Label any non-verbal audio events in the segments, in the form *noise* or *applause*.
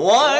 Why?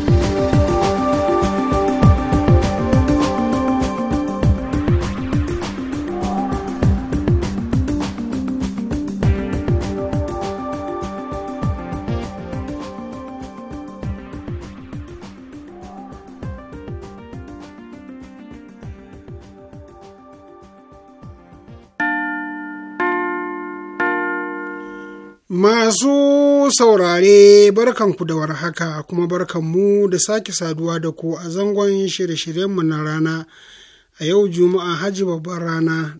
Masu saurare barkanku da warhaka kuma barkanmu da sake saduwa da ku a zangon shirye-shiryenmu na rana a yau Juma'a Hajji babban rana.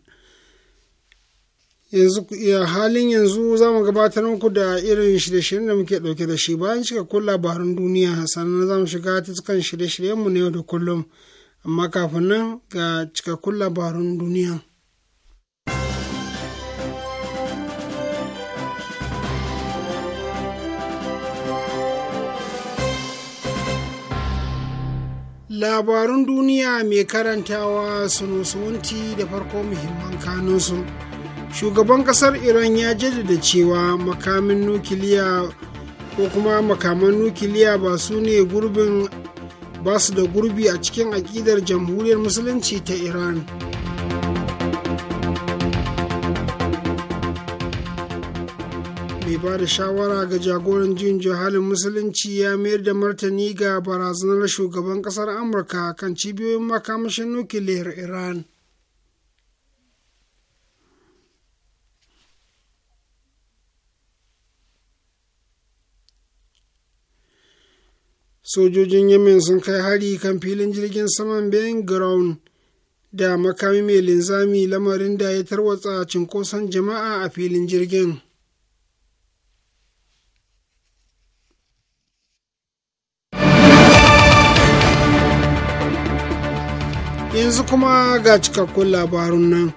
Yanzu halin yanzu za mu gabatar muku da irin shirye-shiryen da muke ɗauke da shi bayan cika cikakkun labarun duniya sannan za mu shiga cikin shirye-shiryenmu na yau da kullum amma kafin nan ga cikakkun labarun duniya. labarun duniya mai karantawa sunusunti da farko muhimman kanunsu shugaban kasar iran ya jaddada cewa makamin nukiliya ko kuma makaman nukiliya ba su ne gurbin ba su da gurbi a cikin aƙidar jamhuriyar musulunci ta iran ba da shawara ga jagoran jin halin musulunci ya mayar da martani ga barazanar shugaban kasar amurka kan cibiyoyin makamashin nukiliyar iran sojojin yamin sun kai hari kan filin jirgin saman bayan ground da makami mai linzami lamarin da ya tarwatsa cinkoson jama'a a filin jirgin yanzu kuma ga cikakkun labarun nan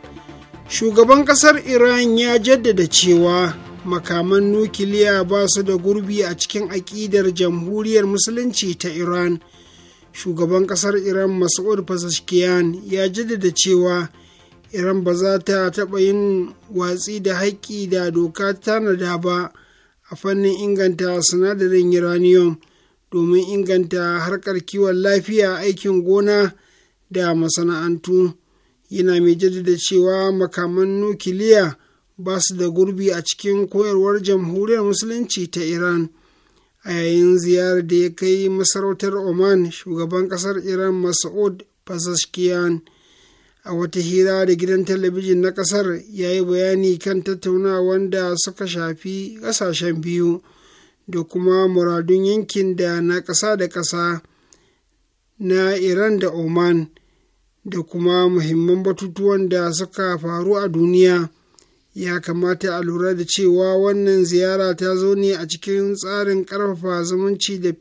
shugaban kasar iran ya jaddada cewa makaman nukiliya ba su da gurbi a cikin aƙidar jamhuriyar musulunci ta iran shugaban kasar iran masu'ud fasashkiyan ya jaddada cewa iran ba za ta taɓa yin watsi da haƙƙi da doka tanada ba a fannin inganta sinadarin uranium domin inganta harkar kiwon lafiya aikin gona da masana'antu yana mai jaddada cewa makaman nukiliya ba su da gurbi a cikin koyarwar jamhuriyar musulunci ta iran a yayin ziyarar da ya kai masarautar oman shugaban kasar iran mas'ud pazashkiyan a wata hira da gidan talabijin na kasar ya yi bayani kan tattaunawar da suka shafi kasashen biyu da kuma muradun yankin da na kasa da kasa na iran da oman da kuma muhimman batutuwan da suka faru a duniya ya kamata a lura da cewa wannan ziyara ta zo ne a cikin tsarin ƙarfafa zumunci da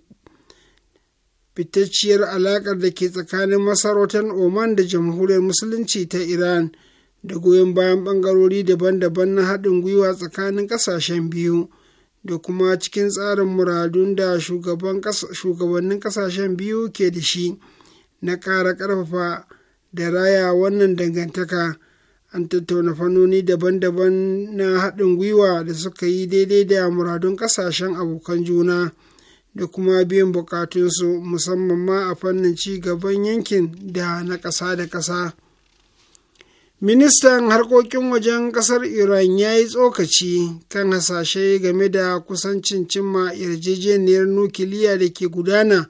fitacciyar alaƙar da ke tsakanin masarautar oman da jamhuriyar musulunci ta iran da goyon bayan bangarori daban-daban na haɗin gwiwa tsakanin ƙasashen biyu da kuma cikin tsarin muradun da shugabannin ƙasashen biyu ke da shi na ƙara ƙarfafa da raya wannan dangantaka an tattauna fannoni daban-daban na haɗin gwiwa da suka yi daidai da muradun ƙasashen abokan juna da kuma biyan buƙatunsu musamman ma a fannin ci gaban yankin da na ƙasa da ƙasa ministan harkokin wajen ƙasar iran ya yi tsokaci kan hasashe game da kusancin cimma yarjejeniyar nukiliya da ke gudana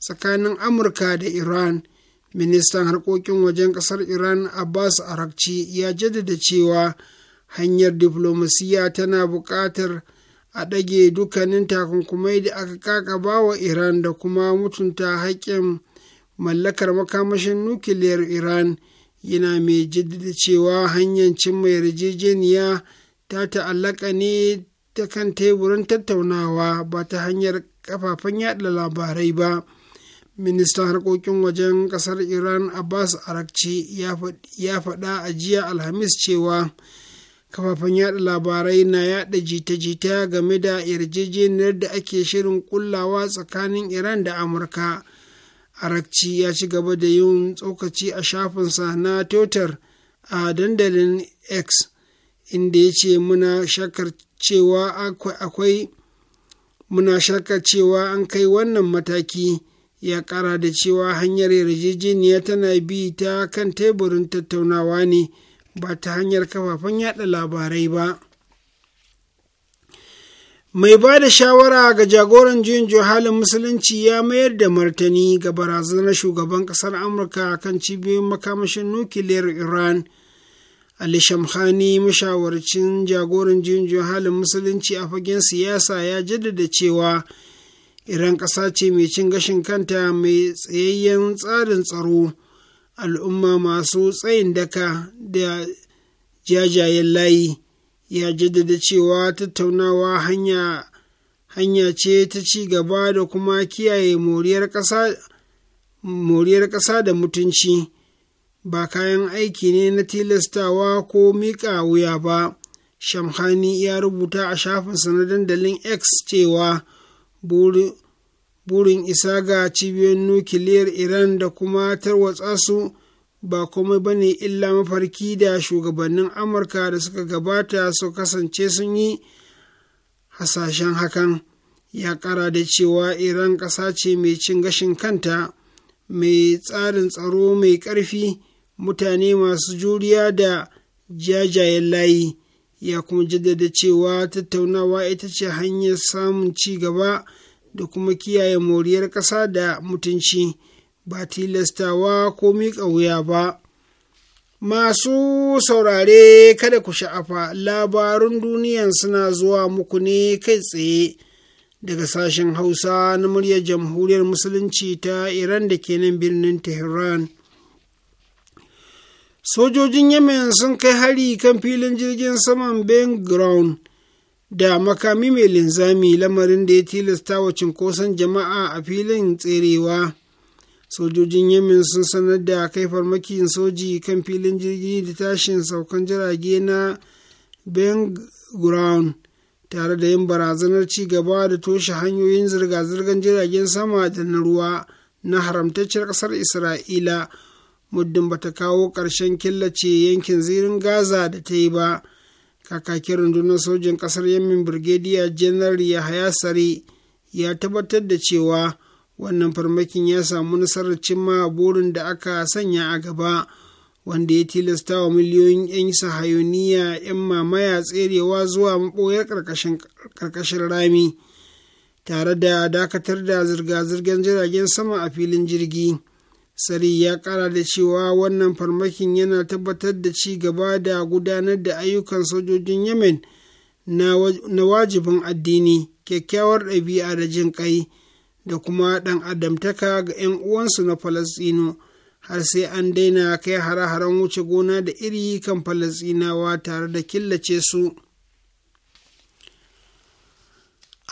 tsakanin amurka da iran ministan harkokin wajen ƙasar iran abbas arakci ya jaddada cewa hanyar diflomasiya tana buƙatar a ɗage dukkanin takunkumai da aka kakaba wa iran da kuma mutunta haƙƙin mallakar makamashin nukiliyar iran yana mai jaddada cewa hanyar cimma yarjejeniya ta ta'allaka ne ta kan teburin tattaunawa ba ta hanyar kafafen yaɗa labarai ba. ministan harkokin wajen kasar iran abbas arakci ya faɗa a jiya alhamis cewa kafafen yada labarai na yada jita-jita game da yarjejeniyar da ake shirin kullawa tsakanin iran da amurka arakci ya ci gaba da yin tsokaci a shafinsa na totar a dandalin x inda ya ce muna shakar cewa akwai muna shakar cewa an kai wannan mataki ya kara da cewa hanyar yarjejeniya tana bi ta kan teburin tattaunawa ne ba ta hanyar kafafen yada labarai ba mai ba da shawara ga jagoran juyin johalin musulunci ya mayar da martani ga barazanar shugaban kasar amurka kan cibiyoyin makamashin nukiliyar iran ali shamkhani mashawarcin jagoran juyin johalin musulunci a fagen siyasa ya jaddada cewa iran ƙasa ce mai cin gashin kanta mai tsayayyen tsarin tsaro al'umma masu tsayin daka da jajayen layi ya jaddada cewa tattaunawa hanya hanya ce ta ci gaba da kuma kiyaye moriyar ƙasa da mutunci ba kayan aiki ne na tilastawa ko miƙa wuya ba shamhani ya rubuta a shafinsa na dandalin x cewa burin isa ga cibiyoyin nukiliyar iran da kuma tarwatsa su ba komai ba ne illa mafarki da shugabannin amurka da suka gabata su kasance sun yi hasashen hakan ya kara da cewa iran ƙasa ce mai cin gashin kanta mai tsarin tsaro mai ƙarfi mutane masu juriya da jajayen layi ya kuma jaddada cewa tattaunawa ita ce hanyar samun ci gaba da kuma kiyaye moriyar ƙasa da mutunci ba tilastawa ko miƙa wuya ba masu saurare kada ku sha'afa labarun duniyan suna zuwa muku ne kai tsaye daga sashen hausa na muryar jamhuriyar musulunci ta iran da ke nan birnin tehran sojojin yemen sun kai hari kan filin jirgin saman ben ground da makami mai linzami lamarin da ya tilasta wa cinkoson jama'a a filin tserewa sojojin yemen sun sanar da kai farmakin soji kan filin jirgi da tashin saukan jirage na ben ground tare da yin barazanar ci gaba da toshe hanyoyin zirga-zirgar jiragen sama da na ruwa na haramtacciyar ƙasar isra'ila muddin bata kawo ƙarshen killace yankin zirin gaza da ta yi ba kakakin rundunar sojin ƙasar yamin birgediya janar yahaya sare ya tabbatar da cewa wannan farmakin ya samu nasarar cimma burin da aka sanya a gaba wanda ya tilasta wa miliyoyin 'yan sahayoniya 'yan mamaya tserewa zuwa maɓoyar ƙarƙashin rami tare da dakatar da zirga-zirgar jiragen sama a filin jirgi Sari ya kara da cewa wannan farmakin yana tabbatar da ci gaba da gudanar da ayyukan sojojin Yemen na wajibin addini, kyakkyawar ɗabi'a da jin ƙai da kuma ɗan adamtaka ga 'yan uwansu na Falasɗinu har sai an daina kai hare-haren wuce gona da iri kan Falasɗinawa tare da killace su.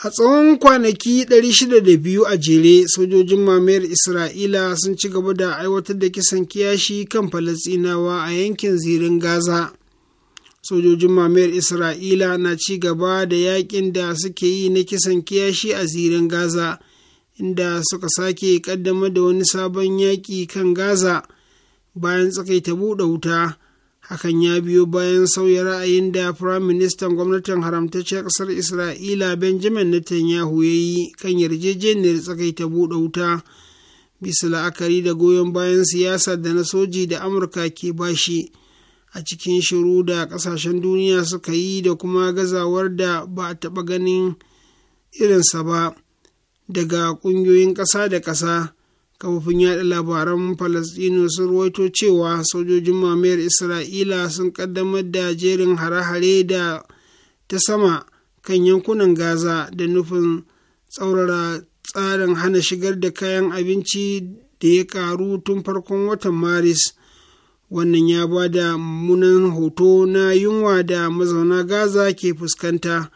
A tsawon kwanaki 602 a jere, sojojin mamayar Isra'ila sun ci gaba da aiwatar da kisan kiyashi kan Falasɗinawa a yankin zirin Gaza. Sojojin mamayar Isra'ila na ci gaba da yakin da suke yi na kisan kiyashi a zirin Gaza, inda suka sake ƙaddamar da wani sabon yaƙi kan Gaza bayan tsakaita buɗe wuta. hakan ya biyo bayan sauya ra'ayin da ministan gwamnatin haramtacciyar ƙasar isra'ila benjamin netanyahu ya yi kan yarjejeniyar tsakaita buɗe wuta bisa la'akari da goyon bayan siyasa da na soji da amurka ke bashi a cikin shiru da ƙasashen duniya suka yi da kuma gazawar da ba a taɓa ganin irinsa ba daga ƙungiyoyin ƙasa da ƙasa kafofin yada labaran falasdino sun ruwaito cewa sojojin mamayar isra'ila sun kaddamar da jerin hare-hare da ta sama kan yankunan gaza da nufin tsaurara tsarin hana shigar da kayan abinci da ya karu tun farkon watan maris wannan ya ba da mummunan hoto na yunwa da mazauna gaza ke fuskanta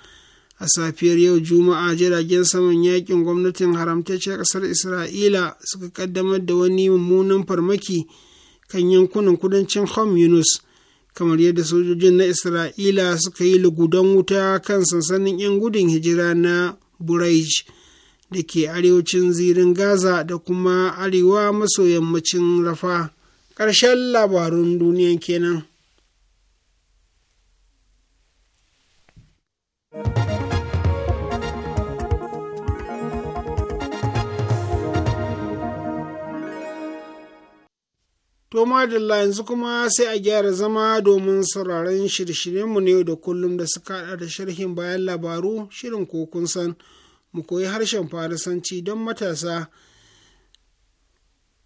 a safiyar yau juma'a jiragen saman yakin gwamnatin haramtacciyar ƙasar isra'ila suka kaddamar da wani mummunan farmaki kan yankunan kudancin hom yunus kamar yadda sojojin na isra'ila suka yi lugudan wuta kan sansanin 'yan gudun hijira na buraij da ke arewacin zirin gaza da kuma arewa maso yammacin rafa karshen labarun duniyan kenan. To madalla yanzu kuma sai a gyara zama domin sauraron shirye-shiryenmu ne da kullum da suka haɗa da sharhin bayan labaru shirin ko kun san mu koyi harshen farisanci don matasa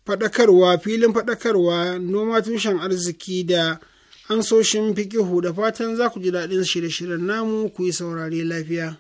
faɗakarwa filin faɗakarwa noma tushen arziki da ansoshin fikihu da fatan za ku ji daɗin shirye-shiryen namu ku yi saurare lafiya.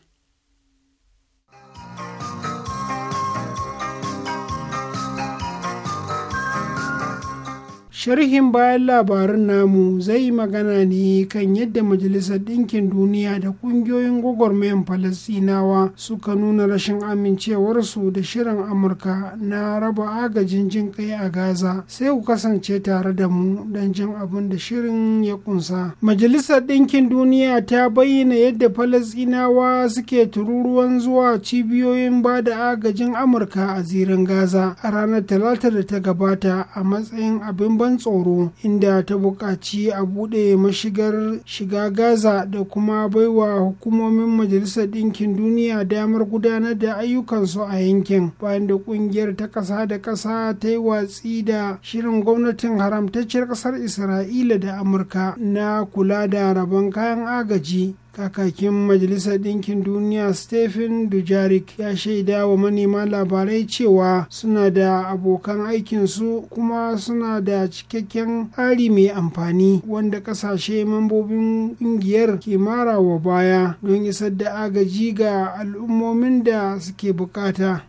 sharhin bayan labarin namu zai yi magana ne kan yadda majalisar ɗinkin duniya da ƙungiyoyin gwagwarmayan falasinawa suka nuna rashin amincewarsu da shirin amurka na raba agajin jin kai a gaza sai ku kasance tare da mu don jin abin da shirin ya kunsa majalisar ɗinkin duniya ta bayyana yadda falasinawa suke tururuwan zuwa cibiyoyin ba da agajin amurka a zirin gaza a ranar talata da ta gabata a matsayin abin ban tsoro inda ta buƙaci a buɗe mashigar shiga gaza da kuma baiwa hukumomin majalisar ɗinkin duniya damar gudanar da ayyukansu a yankin bayan da ƙungiyar ta ƙasa da ƙasa ta yi watsi da shirin gwamnatin haramtacciyar ƙasar isra'ila da amurka na kula da rabon kayan agaji kakakin majalisar ɗinkin duniya stephen dujarik ya shaida wa manema labarai cewa suna da abokan aikinsu kuma suna da cikakken tsari mai amfani wanda ƙasashe mambobin ƙungiyar ke mara wa baya don isar da agaji ga al'ummomin da suke bukata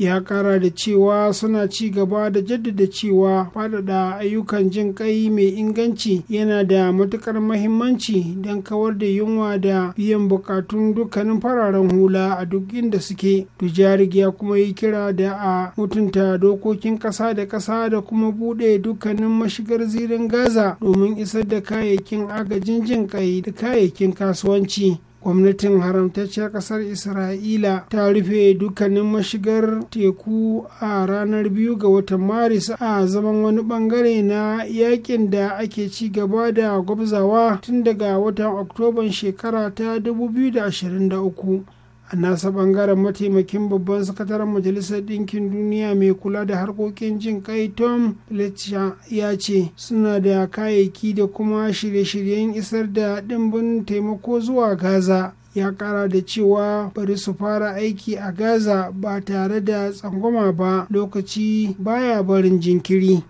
ya kara da cewa suna ci gaba da jaddada cewa faɗaɗa ayyukan jin ƙai mai inganci yana da matuƙar mahimmanci don kawar da yunwa da biyan buƙatun dukkanin fararen hula a duk inda suke dujarig ya kuma yi kira da a mutunta dokokin ƙasa da ƙasa da kuma buɗe dukkanin mashigar zirin gaza domin isar da kayayyakin agajin jin ƙai da kayayyakin kasuwanci gwamnatin haramtacciyar kasar isra'ila ta rufe dukkanin mashigar teku a ranar biyu ga watan maris a zaman wani bangare na yakin da ake ci gaba da gwabzawa tun daga watan oktoban shekara ta 2023 a nasa bangaren mataimakin babban sakataren majalisar ɗinkin duniya mai kula da harkokin jin kai tom fletcher ya ce suna da kayayyaki da kuma shirye-shiryen isar da ɗimbin taimako zuwa gaza ya kara da cewa bari su fara aiki a gaza ba tare da tsangwama ba lokaci baya barin jinkiri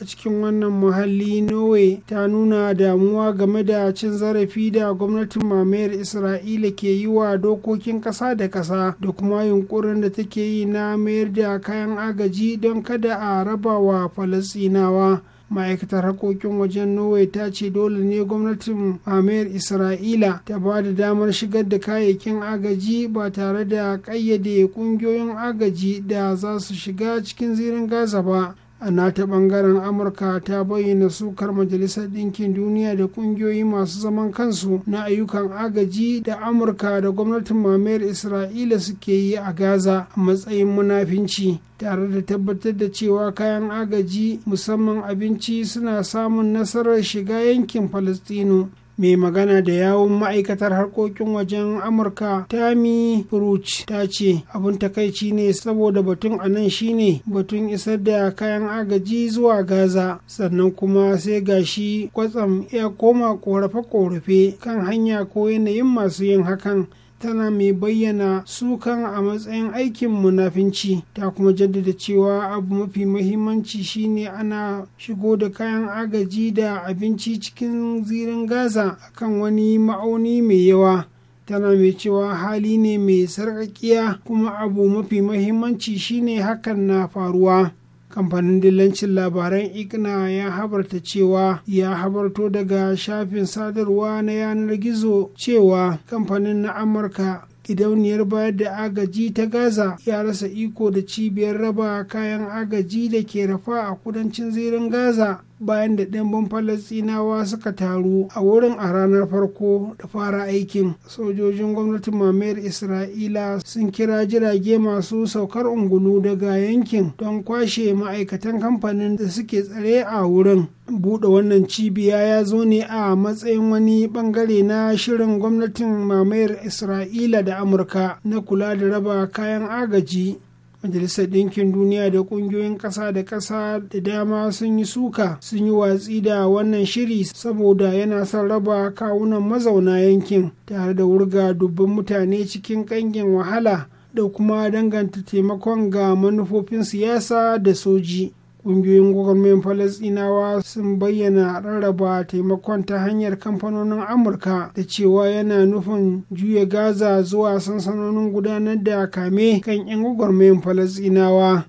a cikin wannan muhalli norway ta nuna damuwa game da cin zarafi da gwamnatin mamayar isra'ila ke yi wa dokokin kasa da kasa da kuma yunkurin da take yi na mayar da kayan agaji don kada a raba wa falasinawa ma'aikatar harkokin wajen norway ta ce dole ne gwamnatin mamayar isra'ila ta ba da damar shigar da kayayyakin agaji ba tare da ƙayyade ƙungiyoyin agaji da za su shiga cikin zirin gaza ba a nata bangaren amurka ta bayyana sukar majalisar ɗinkin duniya da ƙungiyoyi masu zaman kansu na ayyukan agaji da amurka da gwamnatin mamayar isra'ila suke yi a gaza a matsayin munafinci tare da tabbatar da cewa kayan agaji musamman abinci suna samun nasarar shiga yankin falastinu mai magana da yawon ma'aikatar harkokin wajen amurka Tami fruch ta ce abin takaici ne saboda batun a nan shine batun isar da kayan agaji zuwa gaza sannan kuma sai gashi kwatsam ya koma korafe-korafe kan hanya ko yanayin masu yin hakan tana mai bayyana sukan a matsayin aikin munafinci ta kuma jaddada cewa abu mafi mahimmanci shine ana shigo da kayan agaji da abinci cikin zirin gaza akan wani ma'auni mai yawa tana mai cewa hali ne mai sarƙaƙiya kuma abu mafi mahimmanci shine hakan na faruwa kamfanin dillancin labaran igna ya habarta cewa ya habarto daga shafin sadarwa na yanar gizo cewa kamfanin na amurka gidauniyar bayar da agaji ta gaza ya rasa iko da cibiyar raba kayan agaji da ke rafa a kudancin zirin gaza bayan da ɗimbin falasinawa suka taru a wurin a ranar farko da fara aikin sojojin gwamnatin mamayar isra'ila sun kira jirage masu saukar ungulu daga yankin don kwashe ma'aikatan kamfanin da suke tsare a wurin buɗe wannan cibiya ya zo ne a matsayin wani bangare na shirin gwamnatin mamayar isra'ila da amurka na kula da raba kayan agaji majalisar ɗinkin duniya da ƙungiyoyin ƙasa da ƙasa da dama sun yi suka sun yi watsi da wannan shiri saboda yana son raba kawunan mazauna yankin tare da wurga dubban mutane cikin ƙangin wahala da kuma danganta taimakon ga manufofin siyasa da soji ƙungiyoyin gwagwarmayin falasɗinawa sun bayyana rarraba taimakon ta hanyar kamfanonin amurka da cewa yana nufin juya gaza zuwa sansanonin gudanar da kame kan 'yan gwagwarmayin falasɗinawa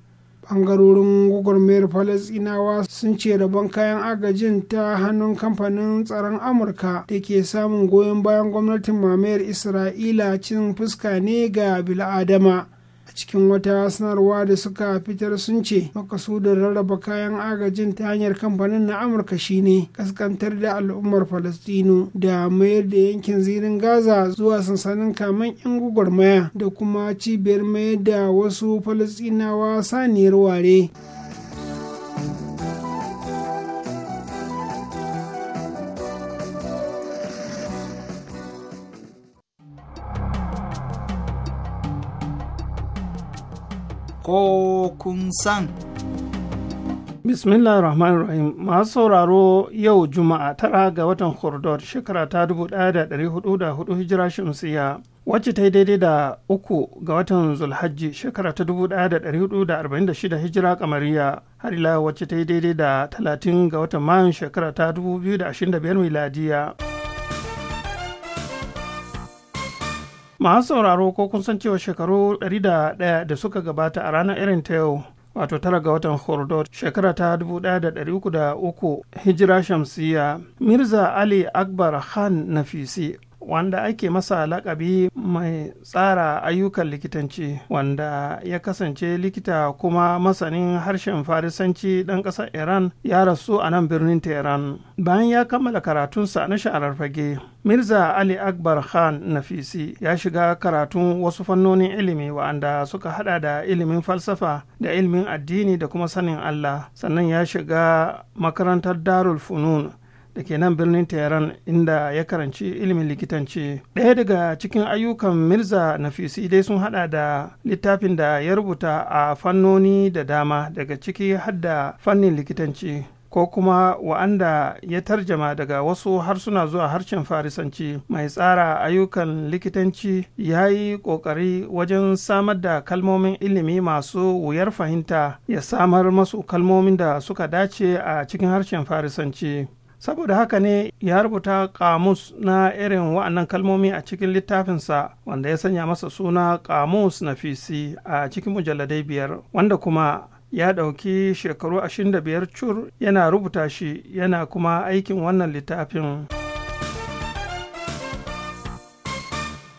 ɓangarorin gwagwarmayar falasinawa sun ce rabon kayan agajin ta hannun kamfanin tsaron amurka da ke samun goyon bayan gwamnatin mamayar isra'ila cin fuska ne ga bil'adama cikin wata sanarwa da suka fitar sun ce makasudin rarraba kayan agajin ta hanyar kamfanin na amurka shine kaskantar da al'ummar falastinu da mayar da yankin zirin gaza zuwa sansanin kamen yan gwagwarmaya da kuma cibiyar mayar da wasu falastinawa saniyar ware. ko kun san. Bismillah Rahman Rahim masu sauraro yau Juma'a tara ga watan Hordor shekara ta 1404 hijira shamsiya wacce ta yi daidai da uku ga watan Zulhajji shekara ta 1446 hijira kamariya har ila wacce ta yi daidai da 30 ga watan Mayun shekara ta 2025 miladiya. masu sauraro ko kun san cewa shekaru 101 da suka gabata a ranar irin ta yau wato tara ga watan hordot shekara ta 1303 hijira shamsiya mirza ali akbar khan nafisi wanda ake masa lakabi mai tsara ayyukan likitanci wanda ya kasance likita kuma masanin harshen farisanci ɗan ƙasar iran ya rasu a nan birnin tehran bayan ya kammala karatunsa na sha'arar fage mirza ali akbar khan nafisi ya shiga karatun wasu fannonin ilimi wa'anda suka hada da ilimin falsafa da ilimin addini da kuma sanin allah sannan ya shiga makarantar darul funun da ke nan birnin tehran inda ya karanci ilimin likitanci ɗaya daga cikin ayyukan mirza nafisi dai sun hada da littafin da ya rubuta a fannoni da dama daga ciki hadda fannin likitanci ko kuma wa'anda ya tarjama daga wasu harsuna zuwa harshen farisanci mai tsara ayyukan likitanci ya yi ƙoƙari wajen samar da kalmomin ilimi masu wuyar fahimta ya samar masu kalmomin da suka dace a cikin harshen farisanci saboda haka ne ya rubuta kamus na irin wa'annan kalmomi a cikin littafinsa wanda ya sanya masa suna kamus na fisi a cikin mujalladai biyar wanda kuma ya ɗauki shekaru 25 cur yana rubuta shi yana kuma aikin wannan littafin.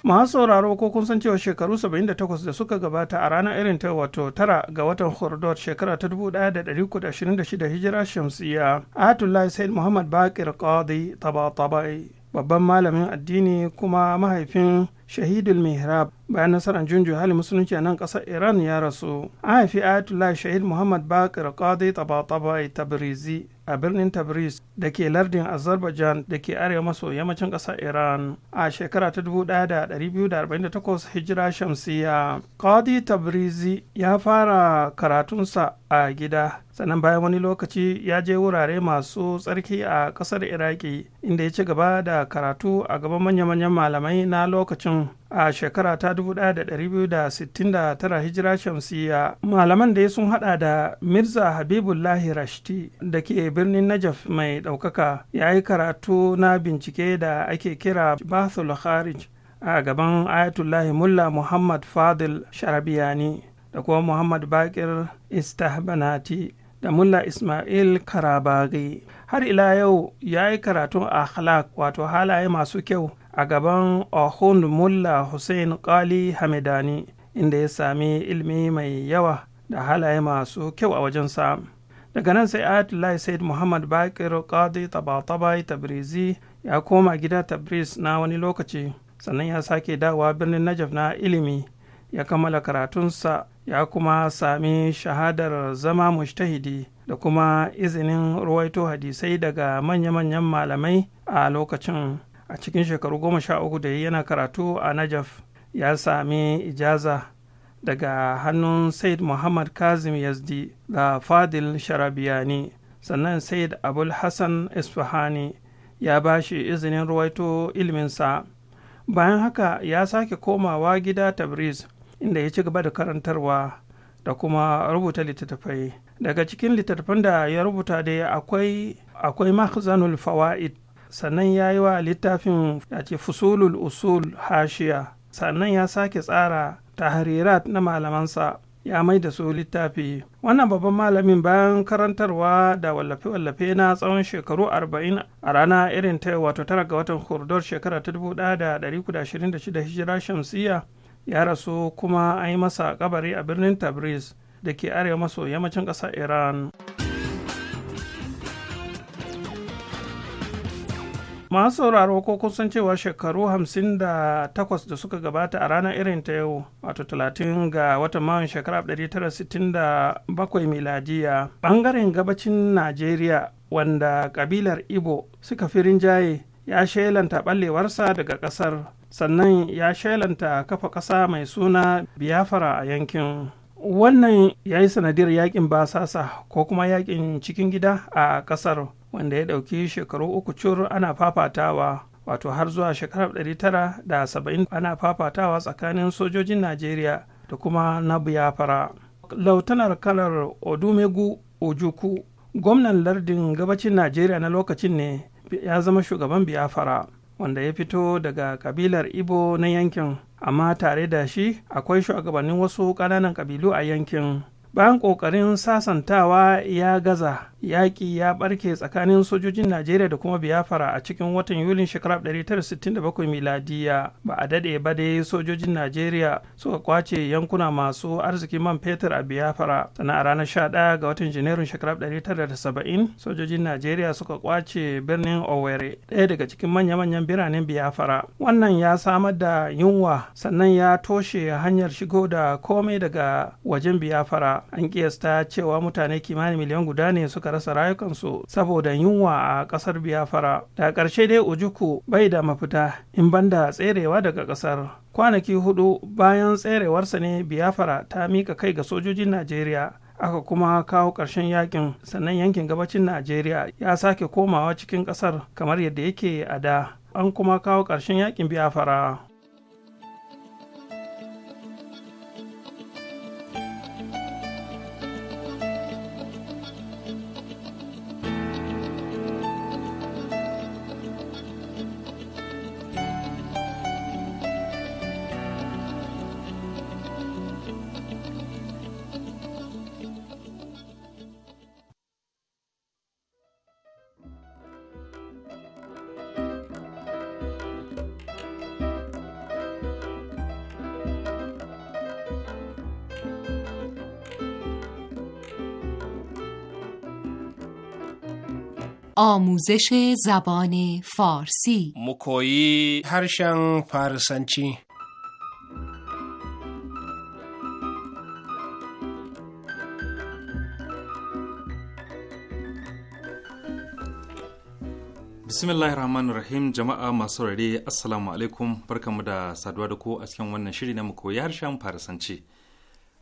masu sauraro ko kun san cewa shekaru 78 da suka gabata a ranar irin ta wato tara ga watan hordor shekara ta 1326 hijira shamsiya atullahi said muhammad bakir qadi taba-tabai babban malamin addini kuma mahaifin shahidul mihrab bayan nasarar junju hali musulunci a nan ƙasar iran ya rasu an haifi ayatullah shahid muhammad bakir qadi tabatabai tabrizi a birnin tabriz da ke lardin azerbaijan da ke arewa maso yammacin ƙasar iran a shekara ta 1248 hijira shamsiya qadi tabrizi ya fara karatunsa a gida sannan bayan wani lokaci ya je wurare masu tsarki a ƙasar iraki inda ya ci gaba da karatu a gaban manya-manyan malamai na lokacin a shekara ta 1269 hijira shamsiya malaman da ya sun hada da mirza habibullahi rashti da ke birnin najaf mai daukaka ya yi karatu na bincike da ake kira bathul kharij a gaban ayatullahi mulla muhammad fadil sharabiyani da kuma muhammad bakir istahbanati da mulla ismail karabagi har ila yau ya yi karatun akhlaq wato halaye masu kyau a gaban ohun mulla hussein kali hamidani inda ya sami ilmi mai yawa da halaye masu kyau a wajensa daga nan sai ayatollah said muhammad bakir qadi tabatabai tabrizi ya koma gida tabriz na wani lokaci sannan ya sake dawa birnin najaf na ilimi ya kammala karatunsa ya kuma sami shahadar zama mushtahidi da kuma izinin ruwaito hadisai daga manya-manyan malamai a lokacin a cikin shekaru goma sha uku da yana karatu a najaf ya sami ijaza daga hannun said muhammad kazim yazdi da fadil sharabiyani sannan said abul hassan isfahani ya ba shi izinin ruwaito ilminsa bayan haka ya sake komawa gida tabriz inda ya ci gaba da karantarwa da kuma rubuta littattafai daga cikin littattafan da ya rubuta dai akwai akwai fawa'id sannan ya yi wa littafin ya ce fusulul usul hashiya sannan ya sake tsara tahrirat na malamansa ya mai da su littafi wannan babban malamin bayan karantarwa da wallafe-wallafe na tsawon shekaru 40 a rana irin ta wato tara ga watan hurdor shekara ta 1926 hijira shamsiya ya rasu kuma an yi masa kabari a birnin tabriz da ke arewa maso yammacin ƙasar iran. masu sauraro ko kusan cewa shekaru 58 da suka gabata a ranar irin ta yau wato 30 ga watan mawan shekara 1967 miladiya bangaren gabacin najeriya wanda kabilar ibo suka fi rinjaye ya shelanta ɓallewarsa daga ƙasar sannan ya shelanta kafa ƙasa mai suna biyafara a yankin wannan ya yi sanadiyar yakin basasa ko kuma yakin cikin gida a ƙasar wanda ya ɗauki shekaru uku cur ana fafatawa wato har zuwa shekarar 970 ana fafatawa tsakanin sojojin najeriya da kuma na biyafara lautanar kalar odumegu ojuku gwamnan lardin gabacin najeriya na lokacin ne ya zama shugaban biyafara wanda ya fito daga kabilar ibo na yankin amma tare da shi akwai shugabannin wasu ƙananan ƙabilu a yankin bayan ƙoƙarin sasantawa ya gaza yaƙi ya ɓarke tsakanin sojojin najeriya da kuma biyafara a cikin watan yulin shekara 1967 miladiya ba a daɗe ba dai sojojin najeriya suka kwace yankuna masu arzikin man fetur a biyafara sannan a ranar 11 ga watan janairun shekara 1970 sojojin najeriya suka kwace birnin owerri ɗaya daga cikin manya-manyan biranen biyafara wannan ya samar da yunwa sannan ya toshe hanyar shigo da komai daga wajen biyafara an kiyasta cewa mutane kimanin miliyan guda ne suka rasa rayukansu saboda yunwa a kasar Biyafara. da ƙarshe dai ujuku bai da mafita in banda tserewa daga ƙasar. kwanaki hudu bayan tserewarsa ne Biyafara ta mika kai ga sojojin najeriya aka kuma kawo ƙarshen yakin sannan yankin gabacin najeriya ya sake komawa cikin ƙasar kamar yadda yake a da an kuma kawo ƙarshen yakin Biyafara. آموزش زبان فارسی مکویی هرشن فارسنچی bismillahir rahmanir rahim jama'a masu rare assalamu alaikum barkamu da saduwa da ku a cikin wannan shiri na mu koyi harshen farisanci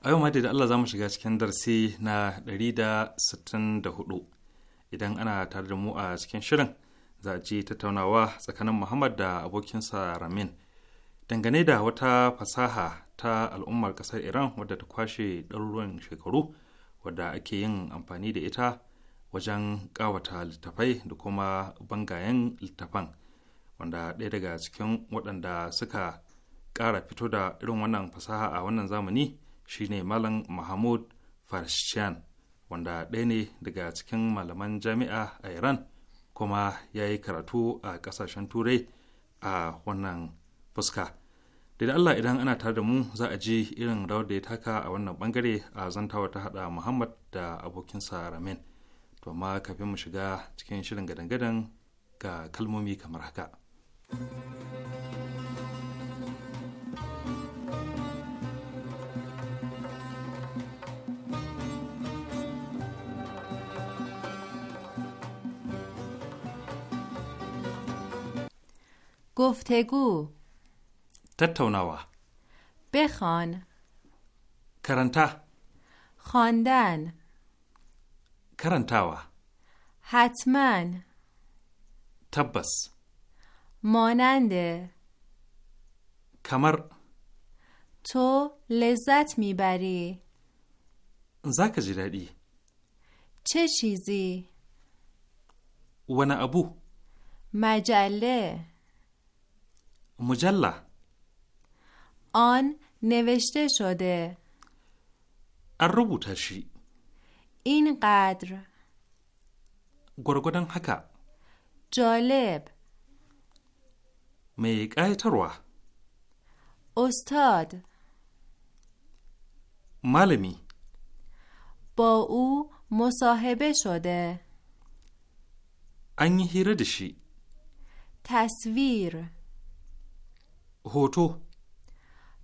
a yau ma da Allah za mu shiga cikin darasi na 164 idan ana tare da mu a cikin shirin za a ji tattaunawa tsakanin muhammad da abokinsa ramin dangane da wata fasaha ta al'ummar kasar iran wadda ta kwashe ɗaruruwan shekaru wadda ake yin amfani da ita wajen ƙawata littafai da kuma bangayen littafan wanda ɗaya daga cikin waɗanda suka ƙara fito da irin wannan fasaha a wannan zamani shine malam mahmud farshian wanda ɗaya ne daga cikin malaman jami'a a iran kuma ya yi karatu a ƙasashen turai a wannan fuska da allah idan ana tare da mu za a ji irin rawar da ya taka a wannan bangare a zantawa ta hada muhammad da abokinsa ramin to amma kafin mu shiga cikin shirin gadan-gadan ga kalmomi kamar haka. گفتگو تتوناوا بخوان کرنتا خواندن کرنتاوا حتما تبس مانند کمر تو لذت میبری زاک جیرادی چه چیزی؟ ونا ابو مجله مجله آن نوشته شده این اینقدر گرگدن حکا جالب می تروه استاد معلمی با او مصاحبه شده ان هیره تصویر هوتو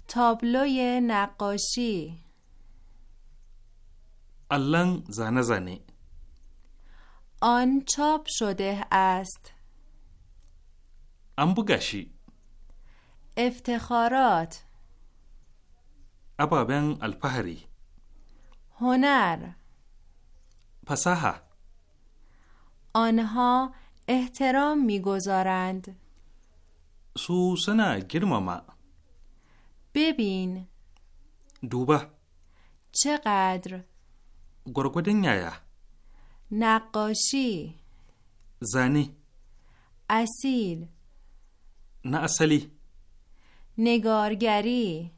تابلوی نقاشی الان زنه زنه آن چاپ شده است بگشی افتخارات ابابن الفهری هنر پسها آنها احترام میگذارند سو سنا ما ببین دوبه چقدر گرگودن نقاشی زنی اصیل نه اصلی نگارگری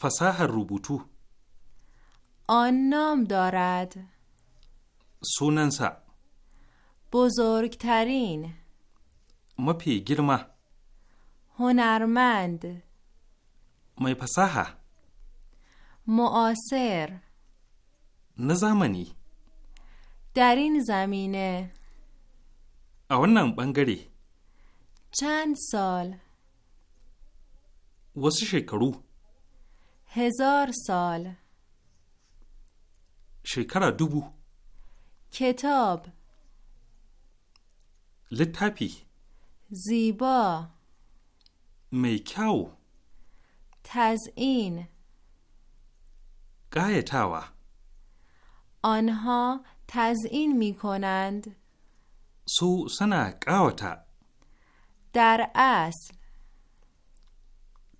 فساح روبوتو آن نام دارد سوننسا بزرگترین مپی گرمه هنرمند می پاساها معاصر نزامنی در این زمینه اونن بنگری چند سال وصی شکارو هزار سال شکر دوبو کتاب لطفی زیبا میکاو تزئین تاوا آنها تزئین می کنند سو سنا قاوتا در اصل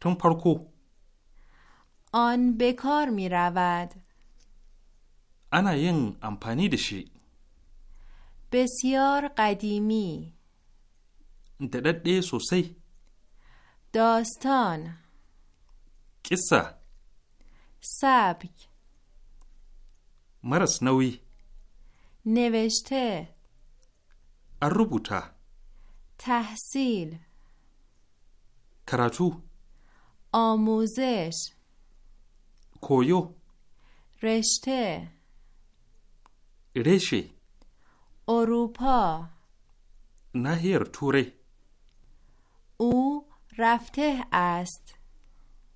تون پرکو آن بکار می رود انا ین امپانی دشی بسیار قدیمی سو سوسی داستان قصه سبک مرس نوی نوشته الربوتا تحصیل کراتو آموزش کویو رشته رشی اروپا نهیر توره او رفته است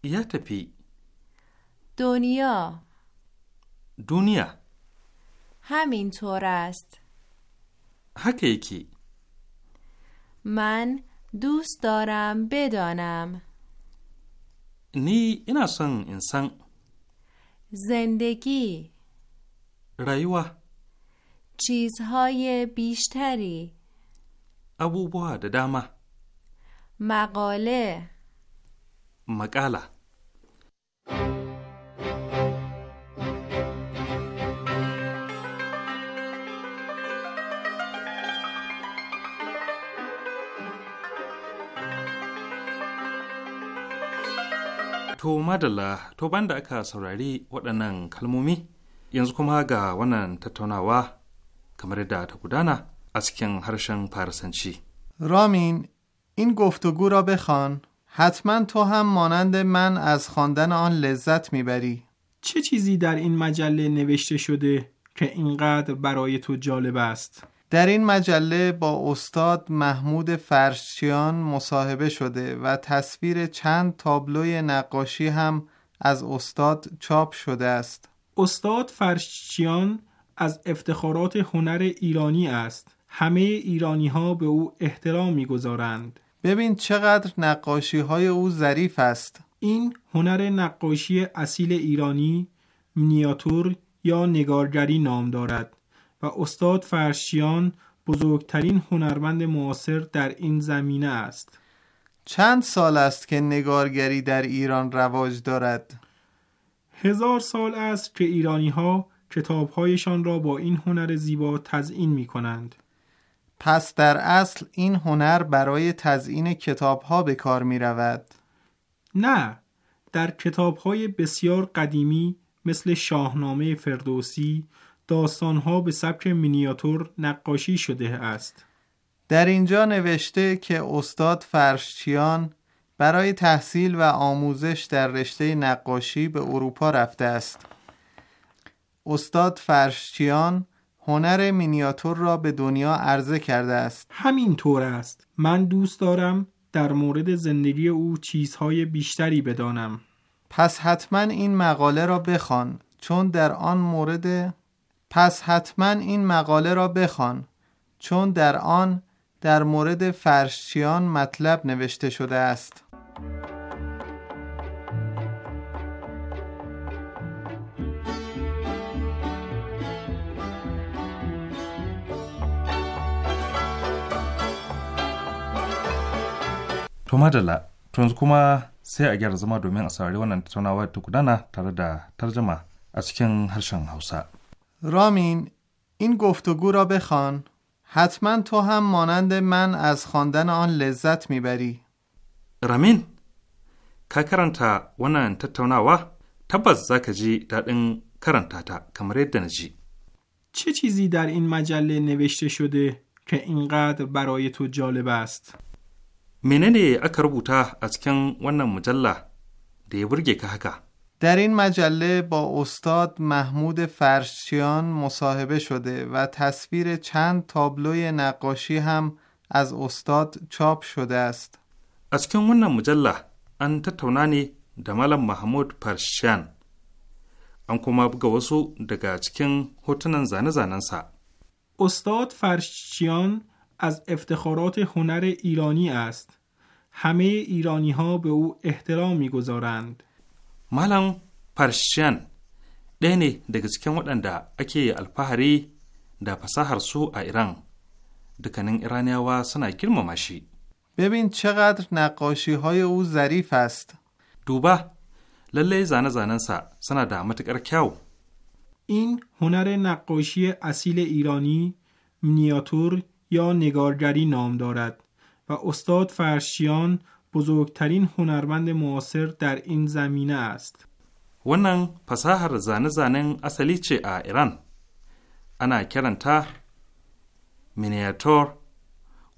یا دنیا. دنیا همین طور است حقیقی من دوست دارم بدانم نی اینا سن انسان زندگی رایوه چیزهای بیشتری ابوبوها ددامه مقاله مقاله To madalla to banda aka saurari waɗannan kalmomi yanzu kuma ga wannan tattaunawa kamar da ta gudana a cikin harshen Farisanci. Ramin این گفتگو را بخوان حتما تو هم مانند من از خواندن آن لذت میبری چه چیزی در این مجله نوشته شده که اینقدر برای تو جالب است در این مجله با استاد محمود فرشیان مصاحبه شده و تصویر چند تابلوی نقاشی هم از استاد چاپ شده است استاد فرشچیان از افتخارات هنر ایرانی است همه ایرانی ها به او احترام میگذارند ببین چقدر نقاشی های او ظریف است این هنر نقاشی اصیل ایرانی مینیاتور یا نگارگری نام دارد و استاد فرشیان بزرگترین هنرمند معاصر در این زمینه است چند سال است که نگارگری در ایران رواج دارد؟ هزار سال است که ایرانی ها کتابهایشان را با این هنر زیبا تزئین می کنند. پس در اصل این هنر برای تزیین کتاب ها به کار می رود؟ نه در کتاب های بسیار قدیمی مثل شاهنامه فردوسی داستان ها به سبک مینیاتور نقاشی شده است در اینجا نوشته که استاد فرشچیان برای تحصیل و آموزش در رشته نقاشی به اروپا رفته است استاد فرشچیان هنر مینیاتور را به دنیا عرضه کرده است همینطور است من دوست دارم در مورد زندگی او چیزهای بیشتری بدانم پس حتما این مقاله را بخوان چون در آن مورد پس حتما این مقاله را بخوان چون در آن در مورد فرشچیان مطلب نوشته شده است To madalla, to yanzu kuma sai a gyara zama domin a saurari wannan tattaunawa ta gudana tare da tarjuma a cikin harshen Hausa. Ramin رامین این گفتگو را بخوان حتما تو هم مانند من از خواندن آن لذت میبری Ramin ka karanta wannan tattaunawa tabbas za ka ji daɗin karanta ta kamar yadda na ji. چه چیزی در این مجله نوشته شده که اینقدر برای تو جالب است؟ menene aka rubuta a cikin wannan mujalla da ya burge ka haka در این مجله با استاد محمود فرشیان مصاحبه شده و تصویر چند تابلوی نقاشی هم از استاد چاپ شده است. از کن ونن مجله ان تتونانی دمال محمود فرشیان ان کما بگا وسو دگا چکن هوتنن زانه زاننسا استاد فرشیان از افتخارات هنر ایرانی است همه ایرانی ها به او احترام میگذارند مالان پرشن ɗaya ne daga ودن دا اکی alfahari دا fasahar سو ایران دکنن ایرانی ها سنا ببین چقدر نقاشی های او ظریف است. دوبه للی زانه زانن سا سنا دا متکر کیاو. این هنر نقاشی اصیل ایرانی مینیاتور یا نگارگری نام دارد و استاد فرشیان بزرگترین هنرمند معاصر در این زمینه است. ونن پس زانه زن زنن اصلی چه ایران؟ انا کرن تا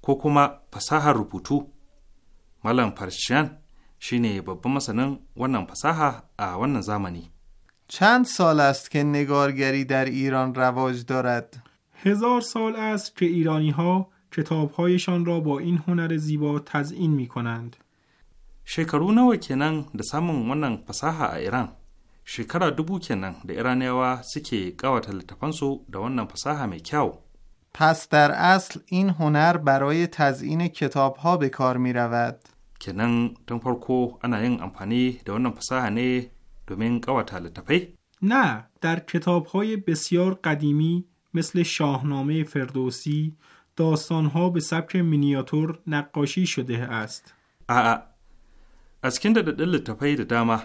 کوکوما پس هر روپوتو ملن فرشیان شینه بب مسنن ونن پس هر زمانی. چند سال است که نگارگری در ایران رواج دارد؟ هزار سال است که ایرانی ها کتابهایشان را با این هنر زیبا تزئین می کنند. شکرو نو کنن da samun wannan پساها ایران، شکر دبو کنن kenan ایرانی و سکی قوات لطفانسو da ونن پساها می kyau. پس در اصل این هنر برای تزئین کتاب ها به کار می رود. کنن تن فرکو انا ین امپانی ده ونن فساحه نه دومین قوات لتفی؟ نه، در کتاب های بسیار قدیمی مثل شاهنامه فردوسی داستان ها به سبک مینیاتور نقاشی شده است. از کنده دل daɗaɗɗen littattafai da داما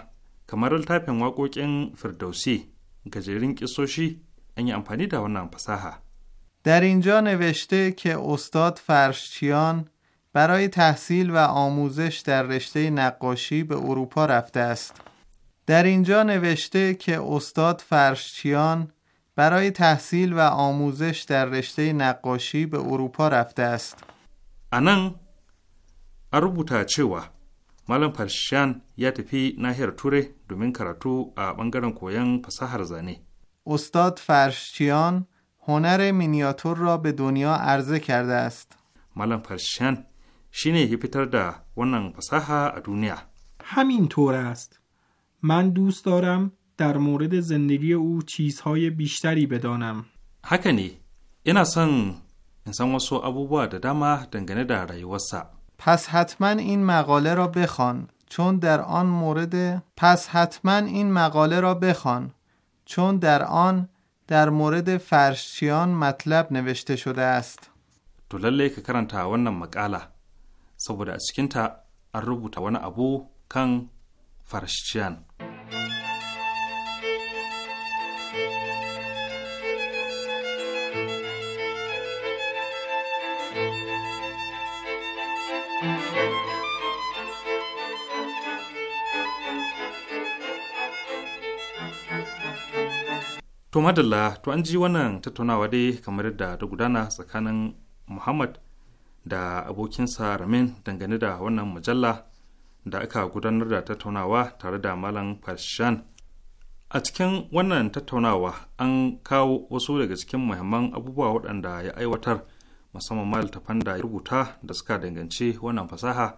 kamar littafin فردوسی، در اینجا نوشته که استاد فرشچیان برای تحصیل و آموزش در رشته نقاشی به اروپا رفته است. در اینجا نوشته که استاد فرشچیان برای تحصیل و آموزش در رشته نقاشی به اروپا رفته است. آنان اروبوتا چوا مالن پرشان یا تفی نهر توره دومین کراتو بنگرن کویان پسهر زانه استاد فرشیان هنر مینیاتور را به دنیا عرضه کرده است. مالن پرشان شینه هیپیتر دا ونن پسهر دنیا. همین طور است. من دوست دارم در مورد زندگی او چیزهای بیشتری بدانم. هکنی این سن انسان واسو ابو da دنگنه در da rayuwarsa. پس حتما این مقاله را بخوان چون در آن مورد پس حتما این مقاله را بخوان چون در آن در مورد فرشیان مطلب نوشته شده است. تو lalle ka karanta مقاله. makala از a تا an rubuta wani ابو کن فرشیان. to madalla to an ji wannan tattaunawa dai kamar da ta gudana tsakanin muhammad da abokinsa ramin dangane da wannan mujalla da aka gudanar da tattaunawa tare da malam farshan a cikin wannan tattaunawa an kawo wasu daga cikin muhimman abubuwa waɗanda ya aiwatar musamman ma littafan da ya rubuta da suka danganci wannan fasaha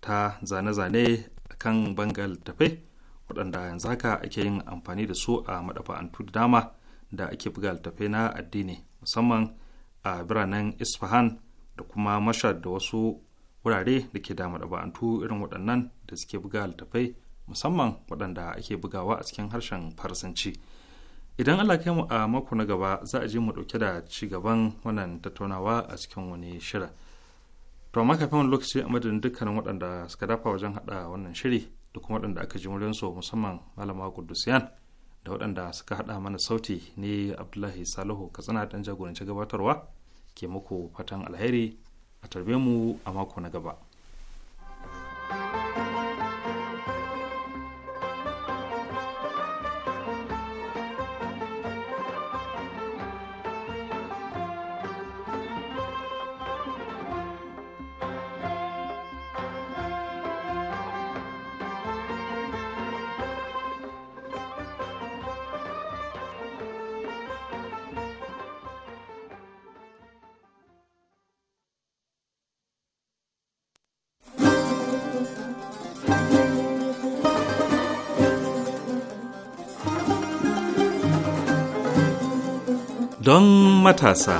ta zane-zane kan bangal tafai. waɗanda yanzu haka ake yin amfani da su a madafa'antu da dama da ake buga littattafai na addini musamman a biranen isfahan da kuma mashad da wasu wurare da ke da madafa'antu irin waɗannan da suke buga littattafai musamman waɗanda ake bugawa a cikin harshen farsanci idan allah kai mu a mako na gaba za a je mu ɗauke da ci gaban wannan tattaunawa a cikin wani shirin to amma kafin wani lokaci a madadin dukkanin waɗanda suka dafa wajen haɗa wannan shiri duk kuma waɗanda aka ji su musamman malama kudusiyan da waɗanda suka haɗa mana sauti ne abdullahi salihu katsina ɗan jagoranci gabatarwa ke muku fatan alheri a tarbe mu a mako na gaba. thank you don matasa.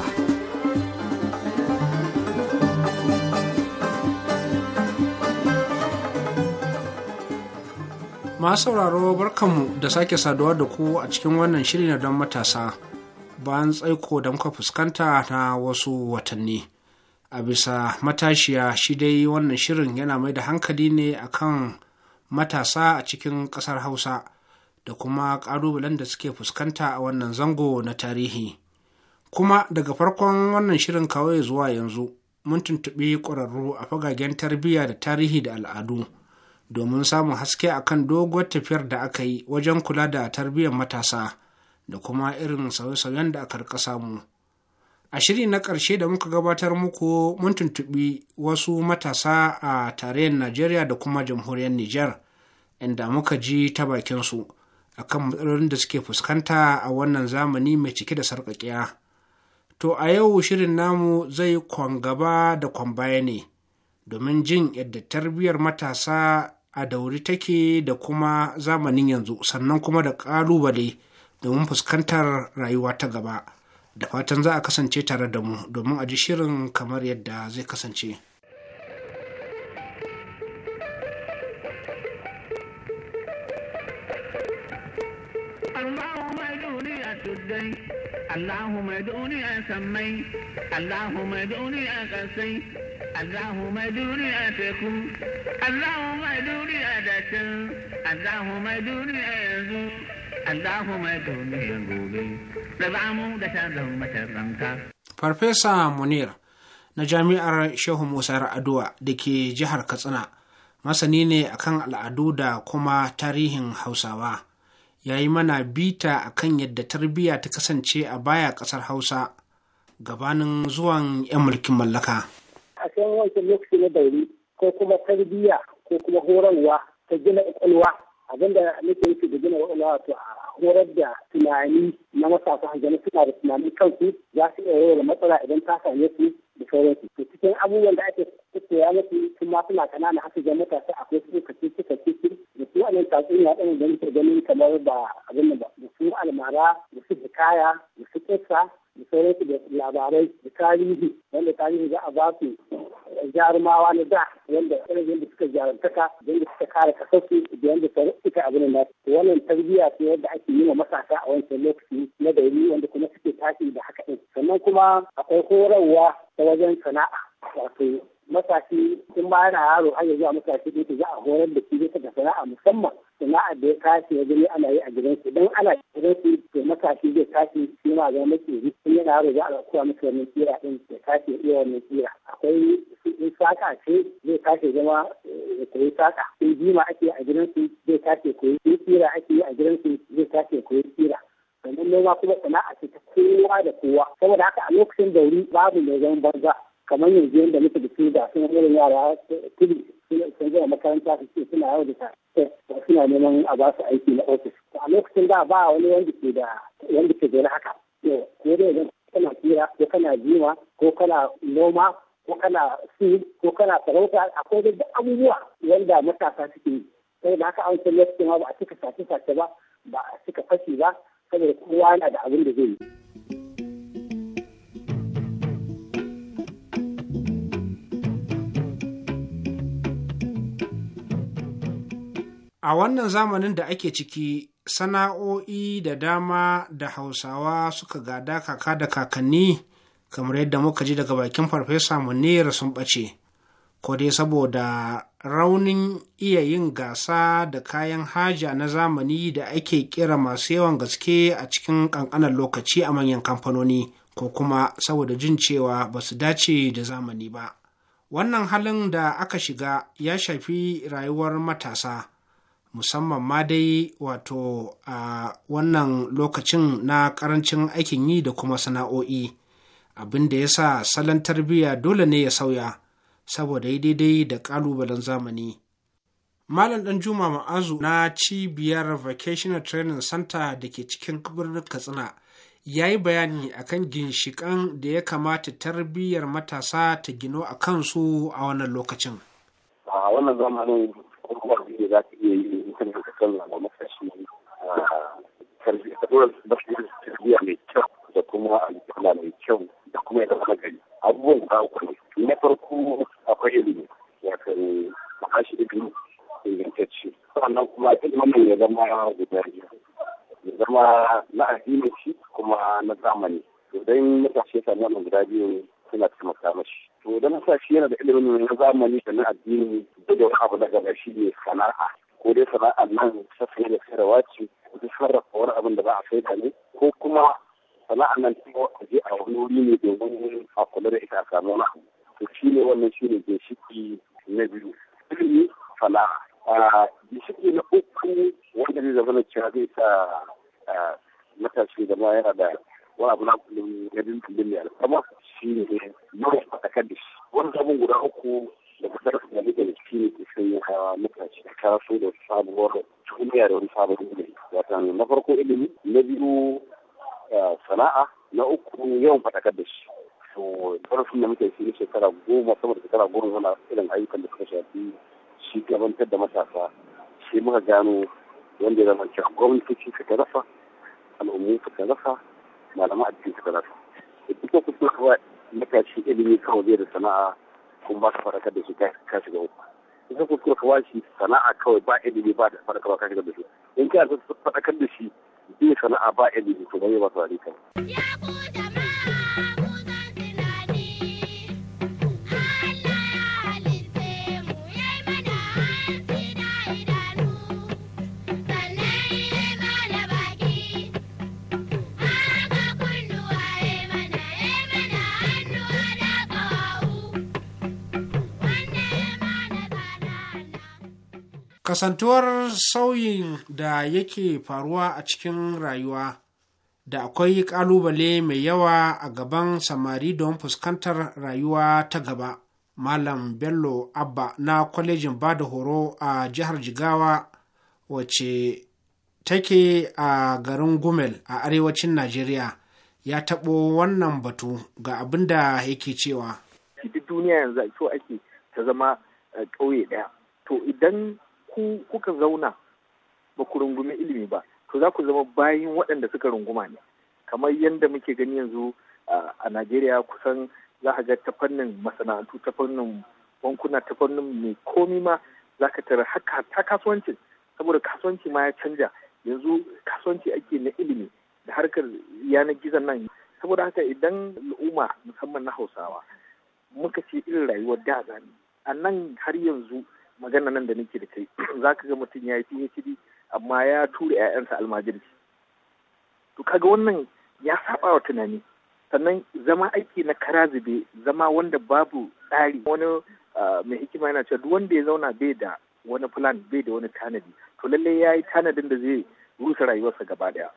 Ma sauraro barkanmu da sake saduwa da ku a cikin wannan shiri na don matasa bayan tsaiko da muka fuskanta na wasu watanni. A bisa matashiya shi dai wannan shirin yana mai da hankali ne a kan matasa a cikin ƙasar Hausa. da kuma ƙalubalen da suke fuskanta a wannan zango na tarihi kuma daga farkon wannan shirin kawai zuwa yanzu mun tuntuɓi ƙwararru a fagagen tarbiyya da tarihi da al'adu domin samun haske akan doguwar tafiyar da aka yi wajen kula da tarbiyyar matasa da kuma irin sauye-sauyen da aka rika samu a shiri na ƙarshe da muka gabatar muku mun tuntuɓi wasu matasa a tarayyar najeriya da kuma jamhuriyar Nijar inda muka ji ta bakinsu akan matsalolin da suke fuskanta a wannan zamani mai cike da sarƙaƙiya To a yau shirin namu zai kwan gaba da kwan baya ne, domin jin yadda tarbiyyar matasa a dauri take da kuma zamanin yanzu, sannan kuma da ƙalubale domin fuskantar rayuwa ta gaba. Da fatan za a kasance tare da mu domin a ji shirin kamar yadda zai kasance. Thank you. Allahumma duni a samai, Allahumma duni a ƙasai, Allahumma duni a teku, Allahumma duni a dacin, Allahumma duni a yanzu, Allahumma duni gobe, da da ta zama mata Farfesa Munir na jami'ar Shehu Musa Ra'adowa da ke jihar Katsina, masani ne akan al'adu da kuma tarihin Hausawa. ya yi mana bita a kan yadda tarbiyya ta kasance a baya ƙasar hausa gabanin zuwan 'yan mulkin mallaka a cikin wancan lokaci na dauri ko kuma tarbiyya ko kuma horarwa ta gina ƙwaƙwalwa abinda nake yake da gina ƙwaƙwalwa to a horar da tunani na matasa hanzari suna da tunani kansu za su iya yau matsala idan ta same su da sauransu to cikin abubuwan da ake ya mutu sun ma suna kanana haka ga matasa akwai su kaci suka su da su wannan tatsuniya ɗin da muke ganin kamar ba abin da ba da su almara da su hikaya da su kisa da sauransu da labarai da tarihi wanda tarihi za a ba su jarumawa na da wanda irin yadda suka jarantaka yadda suka kare kasarsu da yadda suka abin da wannan tarbiyya ce yadda ake yi wa matasa a wancan lokaci na gari wanda kuma suke tashi da haka ɗin sannan kuma akwai horarwa ta wajen sana'a wato matashi in ba yana yaro har yanzu a matashi ne za a horar da shi bisa ga sana'a musamman sana'a da ya kashe ya gani ana yi a gidansu don ana gidan su to matashi zai kashe shi ma ga mace in yana yaro za a koya masa wannan tsira din ya kashe iya wannan tsira akwai in saka ce zai kashe zama ya koyi saka in jima ake a gidansu zai kashe koyi in tsira ake yi a gidansu zai kashe koyi tsira sannan noma kuma sana'a ce ta kowa da kowa saboda haka a lokacin dauri babu mai zaman banza kamar yanzu yadda muka da su da sun irin yara tudu sun zama makaranta su ce suna yau da ta eh, suna neman a ba su aiki na ofis a lokacin da ba wani wanda ke da wanda ke da haka ko dai idan kana tsira ko kana jima ko kana noma ko kana su ko kana sarauta akwai da abubuwa wanda matasa suke yi sai da haka an san lokacin ba a cika sace-sace ba ba a cika fashi ba saboda kowa yana da abin da zai yi. A wannan zamanin da ake ciki sana'o'i da dama da hausawa suka gada kaka da kakanni kamar yadda muka ji daga bakin farfesa muniyar sun ɓace ko dai saboda raunin iya yin gasa da kayan haja na zamani da ake kira masu yawan gaske a cikin ƙanƙanar lokaci a manyan kamfanoni ko kuma saboda jin cewa ba su dace da zamani ba wannan halin da aka shiga ya shafi rayuwar matasa musamman ma dai wato a wannan lokacin na karancin aikin yi da kuma sana'o'i abin da ya sa salon tarbiyya dole ne ya sauya saboda ya daidai da ƙalubalen zamani malam dan juma ma'azu na cibiyar vocational training center da ke cikin birnin katsina ya yi bayani akan ginshikan da ya kamata tarbiyyar matasa ta gino a kansu a wannan lokacin a wannan zamanin kuma za ta iya yi sallah ba mai kyau da mai kyau da kuma yadda kuma na ilimi wato makashi ilimi kuma ilimin ya zama guda biyu ya zama na addini shi kuma na zamani idan matashi ya wannan guda biyu suna taimaka mashi to idan matashi yana da ilimin na zamani da na addini da wani abu na gaba shi ne sana'a ko dai sana'ar nan ta fiye da sayarwa ce ko ta sarrafa wani abin da za a saida ne ko kuma sana'ar nan ta yi je a wani wuri ne domin a kula da ita a samu na abu to shi ne wannan shi ne ginshiki na biyu ilimi sana'a a ginshiki na uku wanda zai zama na cewa zai sa matashin zama yana da wani abu na kullum ya dindin ne alfama shi ne mara fatakar da shi wani abin guda uku da kusan da muke da shi ne ke sanya muka ci taso da sabuwar duniya da wani sabon ilimi wata na farko ilimi na biyu sana'a na uku yawan faɗakar da shi to ƙarfin da muke shi shekara goma sama da shekara goma muna irin ayyukan da suka shafi shi gabantar da matasa shi muka gano wanda ya zama cewa gwamnatoci suka rasa al'ummu suka rasa malaman addini suka rasa duk kusa kawai matashi ilimi kawai da sana'a kun ba ka faɗakar da su ka shiga uku in ka kuskura ka bashi sana'a kawai ba ilimi ba da faɗakarwa ka shiga da su in a faɗakar da shi zai sana'a ba ilimi to ba zai ba su kan. kasantuwar sauyin da yake faruwa a cikin rayuwa da akwai kalubale mai yawa a gaban samari don fuskantar rayuwa ta gaba malam bello abba na kwalejin bada horo a jihar jigawa wace take a garin gumel a arewacin najeriya ya taɓo wannan batu ga abin da yake cewa duk duniya yanzu a ake ta zama eh, ƙauye ɗaya to idan ku kuka zauna ba ku rungumi ilimi ba to za ku zama bayan waɗanda suka runguma ne kamar yadda muke gani yanzu a najeriya kusan za ka ga ta fannin masana'antu ta fannin bankuna ta fannin mai komi ma za ka tara haka ta kasuwancin saboda kasuwanci ma ya canja yanzu kasuwanci ake na ilimi da harkar yanar gizon nan saboda haka idan al'umma musamman na hausawa muka ce irin rayuwar da a nan har yanzu magana nan da nake da kai *clears throat* za ka ga mutum ya yi PhD amma ya tura 'ya'yansa almajirci to kaga wannan ya saba wa tunani sannan zama aiki na kara zama wanda babu tsari wani ah, mai hikima yana cewa duk wanda ya zauna bai da wani plan bai da wani tanadi to lallai ya yi tanadin da zai rusa rayuwarsa gaba daya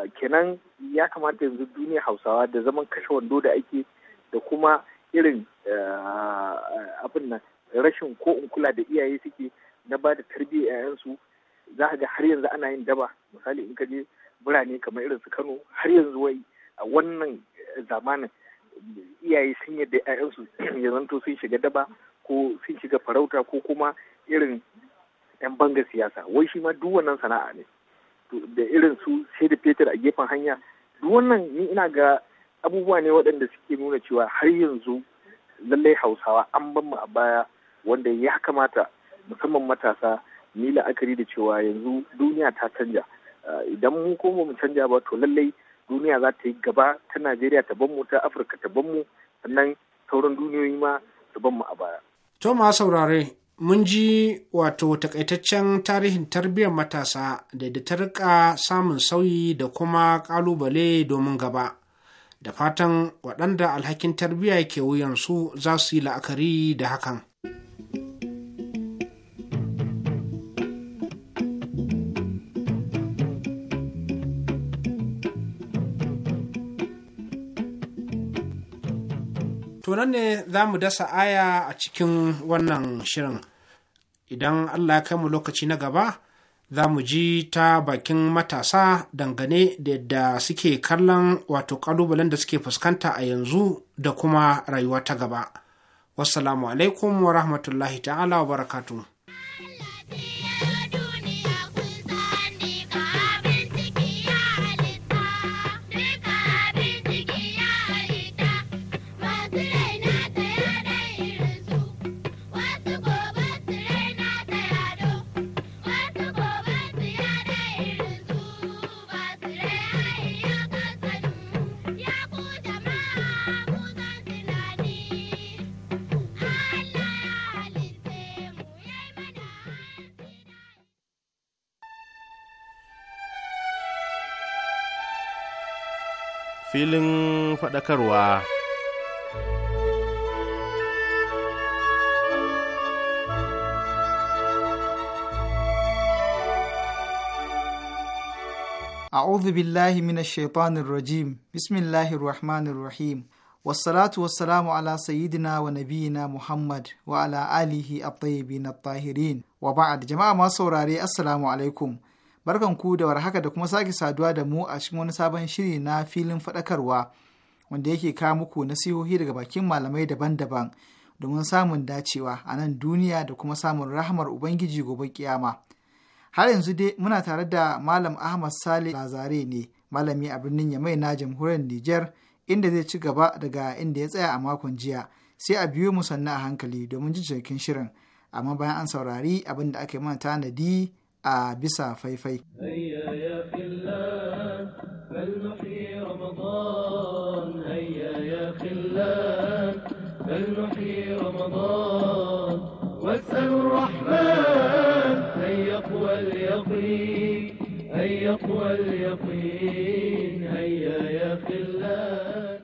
ah, kenan ya kamata yanzu duniya hausawa da zaman kashe wando da ake da kuma irin ah, abin nan rashin ko in kula da iyaye suke na ba da tarbiyyar 'ya'yansu za ga har yanzu ana yin daba misali in ka je birane kamar irin su kano har yanzu wai a wannan zamanin iyaye sun yadda 'ya'yansu *clears throat* ya zanto sun shiga daba ko sun shiga farauta ko kuma irin 'yan banga siyasa wai shi ma duk sana'a ne da irin su sai da fetur a gefen hanya duk ni ina ga abubuwa ne waɗanda suke nuna cewa har yanzu lallai hausawa an ban mu a baya wanda ya kamata musamman matasa ni la'akari da cewa yanzu duniya ta canja ah, idan mu ko mu canja ba to lallai duniya za ta yi gaba ta najeriya ta banmu ta afirka ta banmu sannan sauran duniyoyi ma su banmu a baya. to ma saurare mun ji wato takaitaccen tarihin tarbiyyar matasa da da ta rika samun sauyi da kuma kalubale domin gaba da fatan waɗanda alhakin tarbiyya ke wuyansu za su yi la'akari da hakan. nan ne za mu dasa aya a cikin wannan shirin idan allah ya kai mu lokaci na gaba za mu ji ta bakin matasa dangane da yadda suke kallon wato ƙalubalen da suke fuskanta a yanzu da kuma rayuwa ta gaba wassalamu alaikum wa rahmatullahi ta'ala wa barakatuh faɗakarwa. A'udhu billahi minash shaitanir rajim. Bismillahir rahmanir rahim. Wassalatu wassalamu ala sayyidina wa nabiyina Muhammad wa ala alihi at-tayyibin at-tahirin. Wa ba'ad jama'a masu saurare assalamu alaikum. Barkanku da warhaka da kuma sake saduwa da mu a cikin wani sabon shiri na filin fadakarwa. wanda yake kawo muku nasihohi daga bakin malamai daban-daban domin samun dacewa a nan duniya da kuma samun rahamar Ubangiji gobe kiyama. Har yanzu dai muna tare da Malam Ahmad Sale Lazare ne, malami a birnin Yamai na jamhuriyar Nijar, inda zai ci gaba daga inda ya tsaya a makon jiya, sai a biyo mu sannan a hankali domin jijjikin shirin, amma bayan an saurari abin da aka yi mana tanadi a bisa faifai.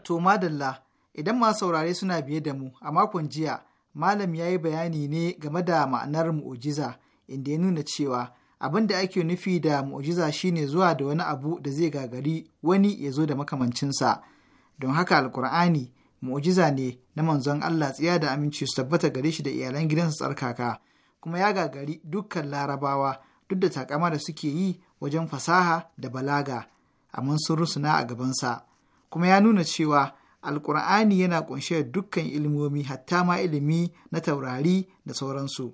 to madalla idan ma saurare suna biye da mu a makon jiya malam ya yi bayani ne game da ma'anar mu'ujiza inda ya nuna cewa abin da ake nufi da mu'ujiza shine zuwa da wani abu da zai gagari wani ya zo da makamancinsa don haka alkur'ani Mu'ujiza ne na manzon Allah tsiya da aminci su tabbata gare shi da iyalan gidansa tsarkaka kuma ya gagari dukkan larabawa duk da takama da suke yi wajen fasaha da balaga a sun rusuna a gabansa kuma ya nuna cewa alkur'ani yana kunshe dukkan ilmomi hatta ma ilimi na taurari da sauransu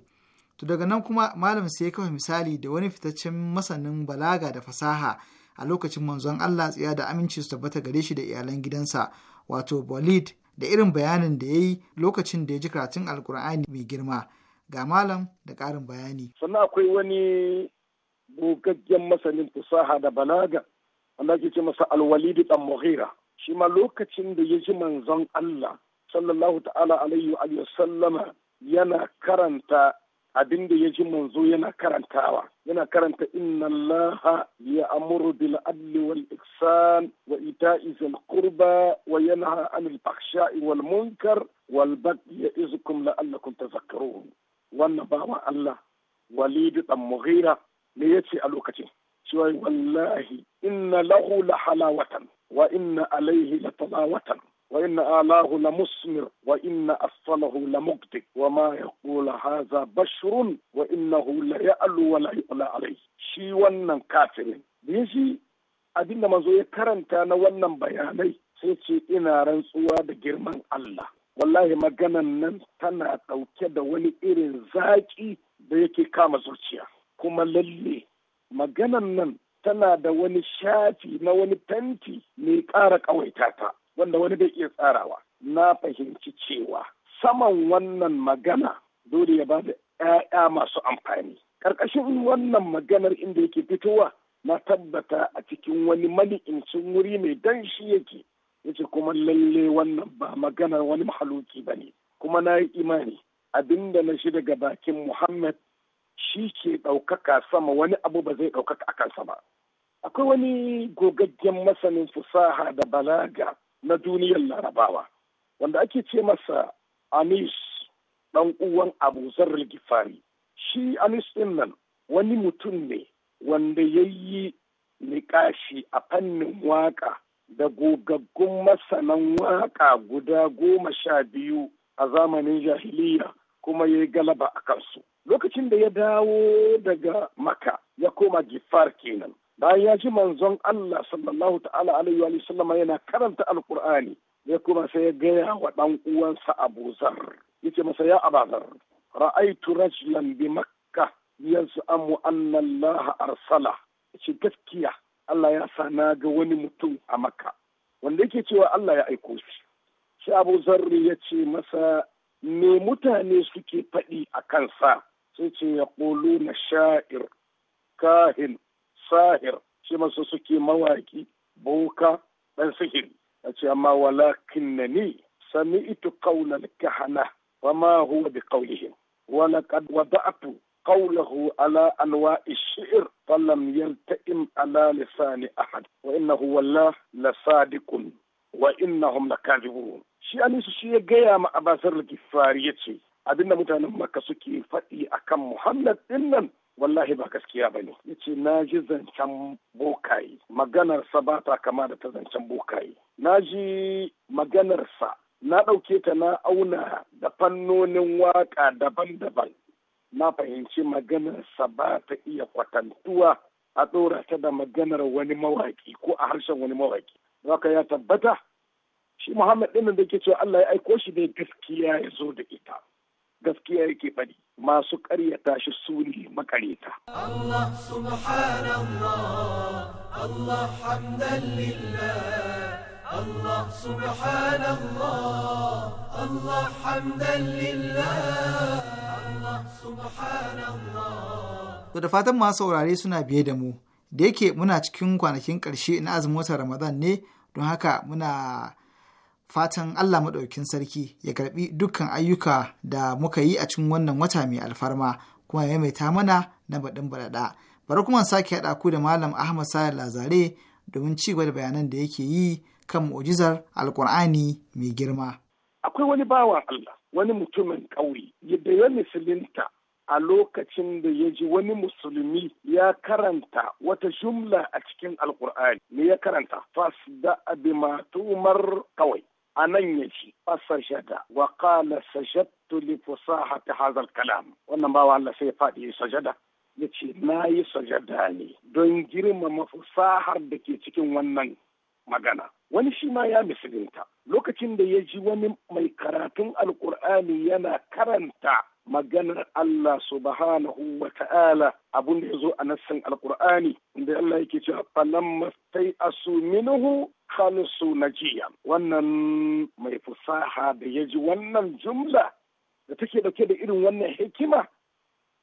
to daga nan kuma malam sai ya kafa misali da wani fitaccen masanin balaga da fasaha a lokacin manzon Allah tsiya da aminci su tabbata gare shi da iyalan gidansa wato bolid da irin bayanin da ya yi lokacin da ya ji karatun alkur'ani mai girma ga malam da ƙarin bayani sannan akwai wani gogaggen masanin fasaha da balaga wanda ake ce masa alwalidi dan muhira shi ma lokacin da ya ji manzon Allah sallallahu ta'ala alaihi wa sallama yana karanta abin da ya ji manzo yana karantawa yana karanta inna allaha ya amuru bil adli wal ihsan wa ita'i zil qurba wa yanha anil fahsha'i wal munkar wal baghi ya'izukum la'allakum tadhakkarun wannan bawa Allah Walidu dan Mughira me yace a lokacin cewa wallahi inna lahu la halawatan wa inna alaihi la talawatan وإن آلاه لمسمر وإن أسفله لمقتك وما يقول هذا بشر وإنه ليألو ولا يؤلى عليه شي ونن كافر يجي abin da manzo ya karanta na wannan bayanai sai ce ina rantsuwa da girman Allah wallahi maganan nan tana ɗauke da wani irin zaƙi da yake kama zuciya kuma lalle maganan nan tana da wani shafi na wani fenti mai ƙara ƙawaita ta wanda wani bai iya tsarawa na fahimci cewa saman wannan magana dole ya ba da 'ya'ya masu amfani ƙarƙashin wannan maganar inda yake fitowa na tabbata a cikin wani mali'incin wuri mai danshi yake yace kuma lalle wannan ba maganar wani mahaluki ba ne kuma na yi imani abinda na shi daga bakin muhammad shi ke ɗaukaka sama wani abu ba zai ɗaukaka a kansa ba akwai wani gogaggen masanin fusaha da balaga na duniyar larabawa wanda ake ce masa amis dan uwan abu zarar gifari shi anis din nan wani mutum ne wanda ya yi niƙashi a fannin waka da gogaggun masanan waka guda goma sha biyu a zamanin jahiliya kuma ya yi galaba a kansu lokacin da ya dawo daga maka ya koma gifar kenan bayan ya ji manzon Allah sallallahu ta'ala alaihi wa sallama yana karanta alqur'ani ya kuma sai ya gaya wa dan uwansa Abu Zar yace masa ya abazar ra'aitu rajulan bi makka yaz'amu anna Allah arsala yace gaskiya Allah ya sa na ga wani mutum a makka wanda yake cewa Allah ya aiko shi sai Abu Zar ya masa me mutane suke faɗi a kansa sai ce ya na sha'ir kahin sahir shi masu suke mawaki boka dan sihiri a ce amma walakin na ni sami itu kaunar kahana wa ma huwa bi kaulihim wa laqad wada'tu قوله على أنواع الشعر فلم يلتئم على لسان أحد وإنه والله wa وإنهم لكاذبون shi Alisu shi ya gaya ma Abasar Gifari ya abinda mutanen Makka suke faɗi akan Muhammad ɗin nan wallahi ba gaskiya ba ne ya ce na ji zancen bokaye maganarsa ba ta kama da ta zancen bokaye na ji maganarsa na ɗauke ta na auna da fannonin waƙa daban-daban na fahimci maganarsa ba ta iya kwatantuwa a ɗora ta da maganar wani mawaƙi ko a harshen wani mawaƙi haka ya tabbata shi muhammad ɗin da ke cewa allah ya aiko shi ne gaskiya ya zo da ita gaskiya yake faɗi masu ƙaryata shi su ne makareta. Allah subhanallah, Allah hamdan lillah, Allah subhanallah, Allah hamdan lillah, Allah subhanallah. To da fatan masu saurare suna biye da mu, da yake muna cikin kwanakin ƙarshe na azumin watan Ramadan ne, don haka muna fatan Allah maɗaukin sarki ya karɓi dukkan ayyuka da muka yi a cikin wannan wata mai alfarma kuma ya maimaita mana na baɗin baɗaɗa. Bari kuma sake haɗa ku da Malam Ahmad Sayar Lazare domin ci gaba da bayanan da yake yi kan mu'ujizar Alƙur'ani mai girma. Akwai wani bawan Allah, wani mutumin ƙauri. yadda ya musulunta a lokacin da ya ji wani musulmi ya karanta wata jumla a cikin alkur'ani me ya karanta fasda abima tumar kawai anan ya ci fasajada wa qala sajadtu li fusahati hadha kalam wannan bawa Allah sai ya fadi sajada ce na yi sajada ne don girmama fusahar da ke cikin wannan magana wani shi ma ya musulunta lokacin da ya ji wani mai karatun alkur'ani yana karanta maganar Allah subhanahu wa ta'ala abun da ya zo a nassan alkur'ani inda Allah yake cewa falan mastai asu minhu khalisu najiya wannan mai fusaha da ya ji wannan jumla da take dauke da irin wannan hikima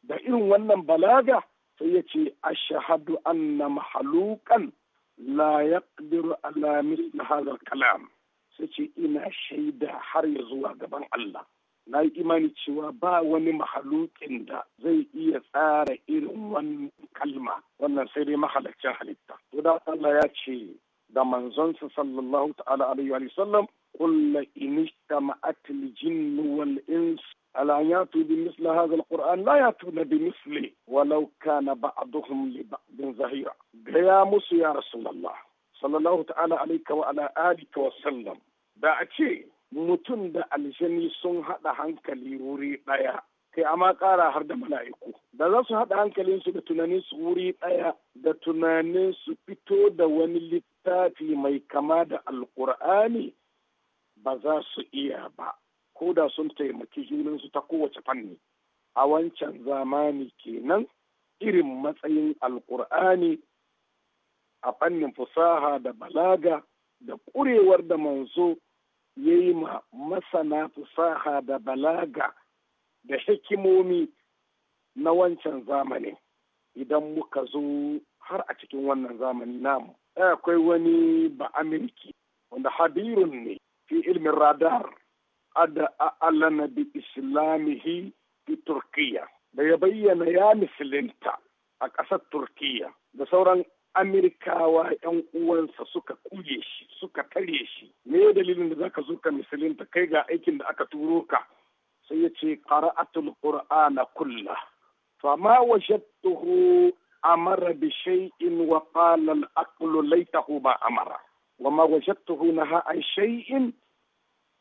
da irin wannan balaga sai ya ce ashhadu anna mahalukan la yaqdiru ala misli hadha kalam sai ce ina shaida har ya zuwa gaban Allah na yi imani cewa ba wani mahalukin da zai iya tsara irin wani kalma wannan sai dai mahalaccin halitta to da Allah ya ce da manzonsa sallallahu ta'ala alaihi wa sallam kulla kullu inishtama'at al-jinn wal ins ala yatu bi misli hadha al-qur'an la yatuna bi misli walau kana ba'dhum li ba'din zahira gaya musu ya rasulullah sallallahu ta'ala alayka wa ala alika wa sallam da a ce mutum da aljani sun haɗa hankali wuri ɗaya kai amma ƙara har da mala'iku da za su haɗa hankalinsu da tunaninsu wuri ɗaya da tunaninsu fito da wani littafi mai kama da alƙur'ani ba za su iya ba ko da sun taimaki junansu ta kowace fanni a wancan zamani kenan irin matsayin alƙur'ani a fannin fusaha da balaga da ƙurewar da manzo ya yi ma masana fasaha da balaga da hikimomi na wancan zamani idan muka zo har a cikin wannan zamani namu. Akwai wani ba Amirki wanda habirun ne fi ilmin radar ada alana bi islamihi fi Turkiya da ya bayyana ya musulunta a ƙasar Turkiya da sauran Amerikawa 'yan uwansa suka kuje shi, suka tare shi. Me dalilin da zaka zo ka musulunta kai ga aikin da aka turo ka? Sai ya ce, Qara'atul Qur'ana kulla. Fama wajadtuhu amara bi shay'in wa qala al-aqlu laytahu ma amara. Wa ma wajadtuhu naha an shay'in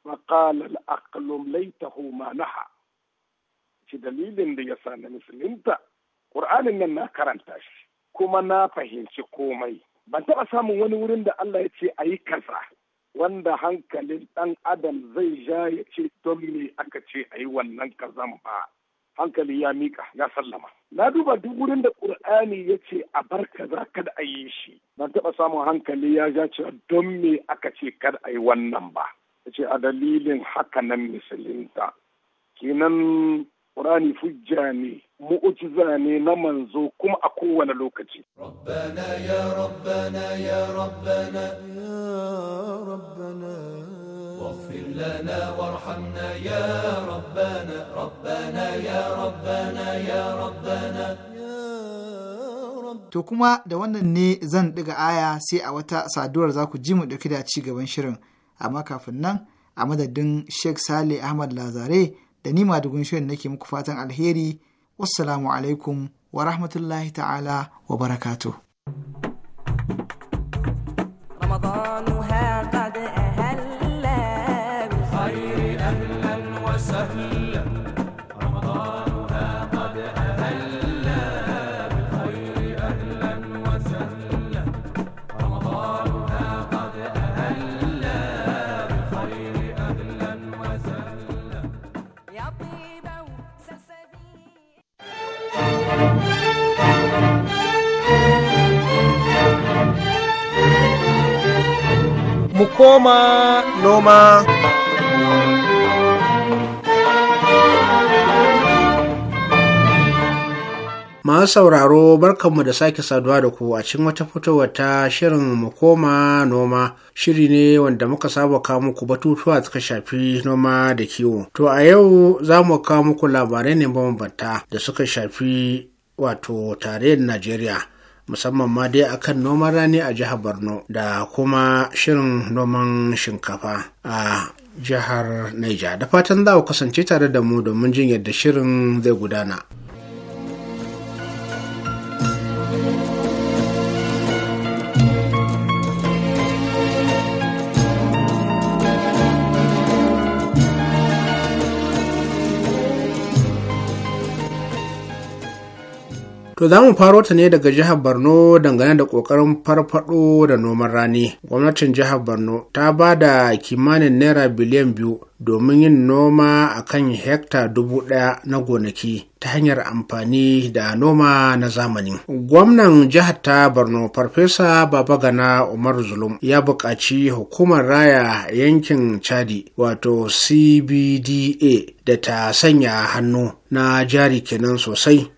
wa qala al-aqlu laytahu ma naha. Shi dalilin da ya sa na musulunta, Qur'anin nan na karanta shi. kuma na fahimci komai ban taɓa samun wani wurin da Allah ya ce a yi kaza wanda hankalin ɗan adam zai ja ya ce don me aka ce a yi wannan kazan ba hankali ya mika ya sallama na duba duk wurin da ƙur'ani ya ce a bar kaza kada a yi shi ban taɓa samun hankali ya ja cewa don me aka ce kada a yi wannan ba ya ce a dalilin haka nan misalinta kenan ƙur'ani fujja ne mu'ujiza ne na manzo kuma a kowane lokaci. Rabbana ya Rabbana ya Rabbana ya Rabbana واغفر لنا وارحمنا يا ربنا ربنا يا ربنا يا To kuma da wannan ne zan ɗiga aya sai a wata saduwar za ku ji mu ɗauki da ci gaban shirin, amma kafin nan a madadin Sheikh Sale Ahmad Lazare da ni madugun shirin nake muku fatan alheri wassalamu alaikum wa rahmatullahi ta'ala wa barakatuh koma noma. Masu sauraro barkanmu da sake saduwa da ku a cikin wata fitowar ta shirin mu koma noma shiri ne wanda muka saba kawo muku batutuwa suka shafi noma da kiwo. To a yau za mu kawo muku labarai ne mabambanta da suka shafi wato tarayyar Najeriya. musamman ma dai akan noman rani a jihar borno da kuma shirin noman shinkafa a jihar Niger, da fatan za ku kasance tare da mu domin jin yadda shirin zai gudana To za mu faro ta ne daga jihar Borno dangane da ƙoƙarin farfaɗo da noman rani. Gwamnatin jihar Borno ta ba da kimanin naira biliyan biyu domin yin noma a kan hekta dubu ɗaya na gonaki ta hanyar amfani da noma na zamani. Gwamnan jihar ta Borno Farfesa Babagana Umar Zulum ya buƙaci hukumar raya yankin Chadi wato CBDA da ta sanya hannu na jari kenan sosai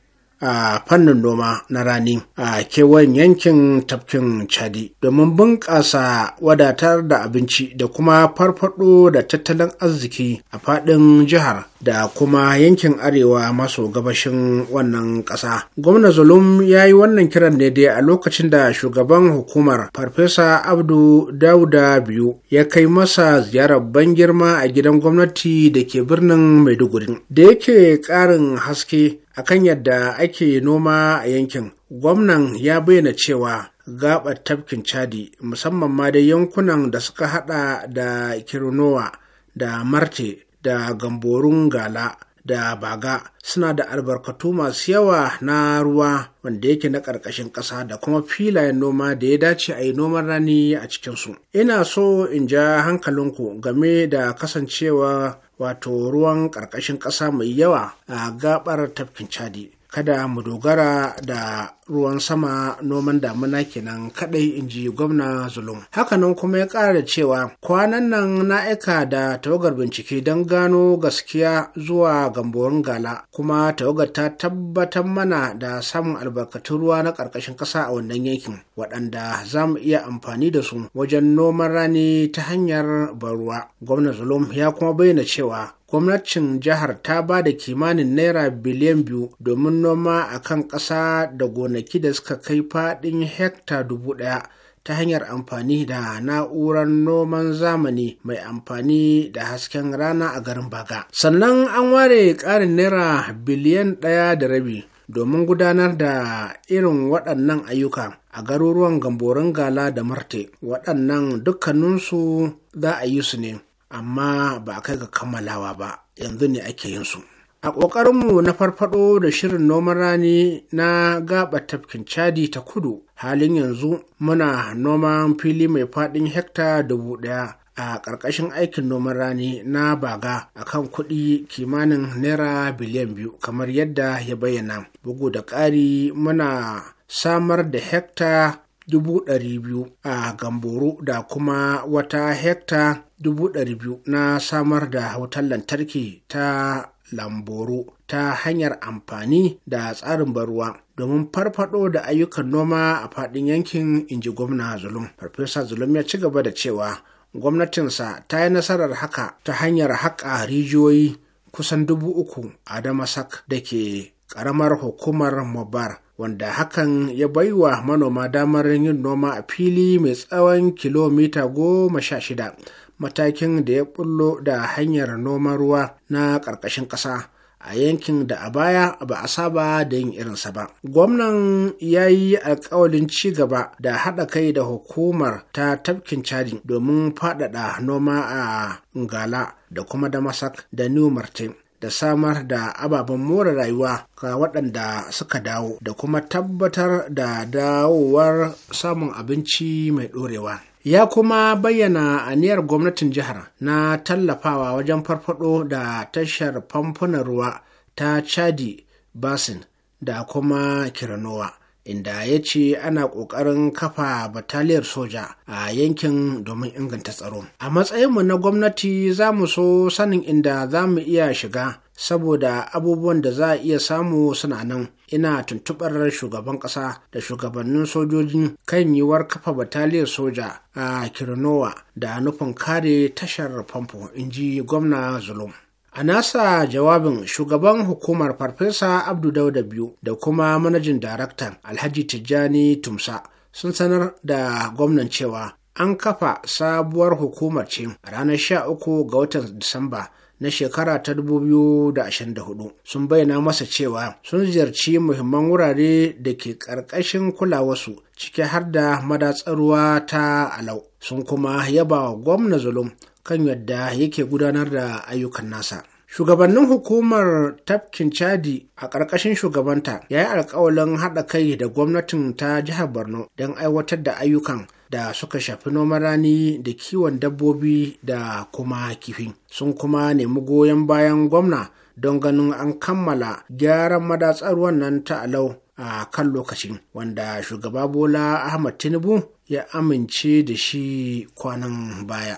a fannin noma na rani a kewayen yankin tafkin chadi domin bunƙasa wadatar da abinci da kuma farfado da tattalin arziki a faɗin jihar da kuma yankin arewa maso gabashin wannan ƙasa gwamna zulum ya yi wannan kiran ne dai a lokacin da shugaban hukumar farfesa abdu dauda biyu ya kai masa ziyarar ban girma a gidan gwamnati da ke birnin maiduguri da yake ƙarin haske a kan yadda ake noma a yankin gwamnan ya bayyana cewa gabar tafkin chadi musamman ma da yankunan da suka hada da kirinowa da marte da gamborun gala da baga suna da albarkatu masu yawa na ruwa wanda yake na ƙarƙashin ƙasa da kuma filayen noma da ya dace a yi noman rani a cikinsu. Ina so in ja hankalinku game da kasancewa wato ruwan ƙarƙashin ƙasa mai yawa a gabar tafkin chadi kada mu dogara da ruwan sama noman damuna kenan kadai in ji gwamna zulum hakanan kuma ya ƙara cewa kwanan nan na aika da tawagar bincike don gano gaskiya zuwa gamborin gala kuma tawagar ta tabbatar mana da samun albarkatun ruwa na ƙarƙashin ƙasa a wannan yankin waɗanda za mu iya amfani da su wajen noman rani ta hanyar ban ruwa gwamna zulum ya kuma bayyana cewa gwamnatin jihar ta ba da kimanin naira biliyan biyu domin noma a kan ƙasa da gonaki da suka kai faɗin hekta dubu ɗaya ta hanyar amfani da na'urar noman zamani mai amfani da hasken rana a garin baga sannan an ware ƙarin naira biliyan ɗaya da rabi domin gudanar da irin waɗannan ayyuka a garuruwan gamborin gala da marte waɗannan dukkaninsu za a yi su ne amma ba a kai ga kammalawa ba yanzu ne ake yin su a ƙoƙarinmu na farfaɗo da shirin noman rani na gaɓa tafkin chadi ta kudu halin yanzu muna noman fili mai faɗin hekta dubu ɗaya a ƙarƙashin aikin noman rani na baga a kan kuɗi kimanin naira biliyan biyu kamar yadda ya bayyana bugu da ƙari muna samar da hekta dubu biyu a Gamboro da kuma wata hekta 200,000 na samar da wutar lantarki ta Lamboro ta hanyar amfani da tsarin barwa domin farfado da ayyukan noma a faɗin yankin inji gwamna Zulum. Farfesa Zulum ya ci gaba da cewa gwamnatinsa ta yi nasarar haka ta hanyar haƙa rijiyoyi kusan dubu uku a Damasak da ke ƙaramar hukumar Mobar, wanda hakan ya baiwa manoma damar yin noma a fili mai tsawon kilomita goma sha shida, matakin da ya bullo da hanyar noman ruwa na ƙarƙashin ƙasa. a yankin da a baya ba a saba da yin irinsa ba. Gwamnan ya yi alkawalin ci gaba da haɗa kai da hukumar ta tafkin caji domin faɗaɗa noma a Ngala da kuma Damasak da New Martin. da samar da ababen more rayuwa ga waɗanda suka dawo da kuma tabbatar da dawowar samun abinci mai ɗorewa. Ya kuma bayyana a aniyar gwamnatin jihar na tallafawa wajen farfado da tashar famfunan ruwa ta Chadi Basin da kuma Kiranowa. inda ya ce ana ƙoƙarin kafa bataliyar soja a yankin domin inganta tsaro. A matsayinmu na gwamnati za mu so sanin inda za mu iya shiga saboda abubuwan da za a iya samu suna nan. Ina tuntuɓar shugaban ƙasa da shugabannin sojojin kan yiwuwar kafa bataliyar soja a Kirinowa da nufin kare tashar famfo, in ji gwamna Zulum. a nasa jawabin shugaban hukumar farfesa abdu dauda biyu da kuma manajin daraktan alhaji tijjani tumsa sun sanar da gwamnan cewa an kafa sabuwar hukumar ce a ranar 13 ga watan disamba na shekara ta 2024 sun bayyana masa cewa sun ziyarci muhimman wurare da ke ƙarƙashin kulawarsu ciki har da madatsar ruwa ta alau sun kuma yaba wa gwamna zulum kan yadda yake gudanar da ayyukan nasa shugabannin hukumar tafkin chadi a ƙarƙashin shugabanta ya yi alƙawalin haɗa kai da gwamnatin ta jihar borno don aiwatar da ayyukan da suka shafi noman rani da kiwon dabbobi da kuma kifi sun kuma nemi goyon bayan gwamna don ganin an kammala gyaran madatsar wannan ta'alau a kan lokacin, wanda shugaba bola ahmad tinubu ya amince da shi kwanan baya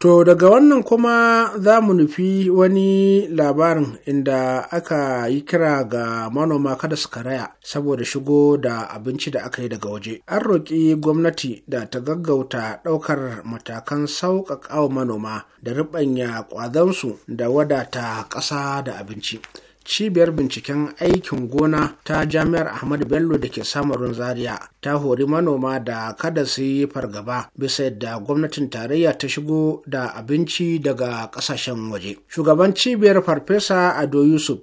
To daga wannan kuma za mu nufi wani labarin inda aka yi kira ga manoma kada su karaya saboda shigo da abinci da aka yi daga waje. An roƙi gwamnati da ta gaggauta ɗaukar matakan sauƙaƙawa manoma da riɓanya ƙwazansu da wadata ƙasa da abinci. cibiyar binciken aikin gona ta jami'ar ahmadu bello da ke samarin zaria ta hori manoma da kada su yi fargaba bisa yadda gwamnatin tarayya ta shigo da abinci daga kasashen waje shugaban cibiyar farfesa ado yusuf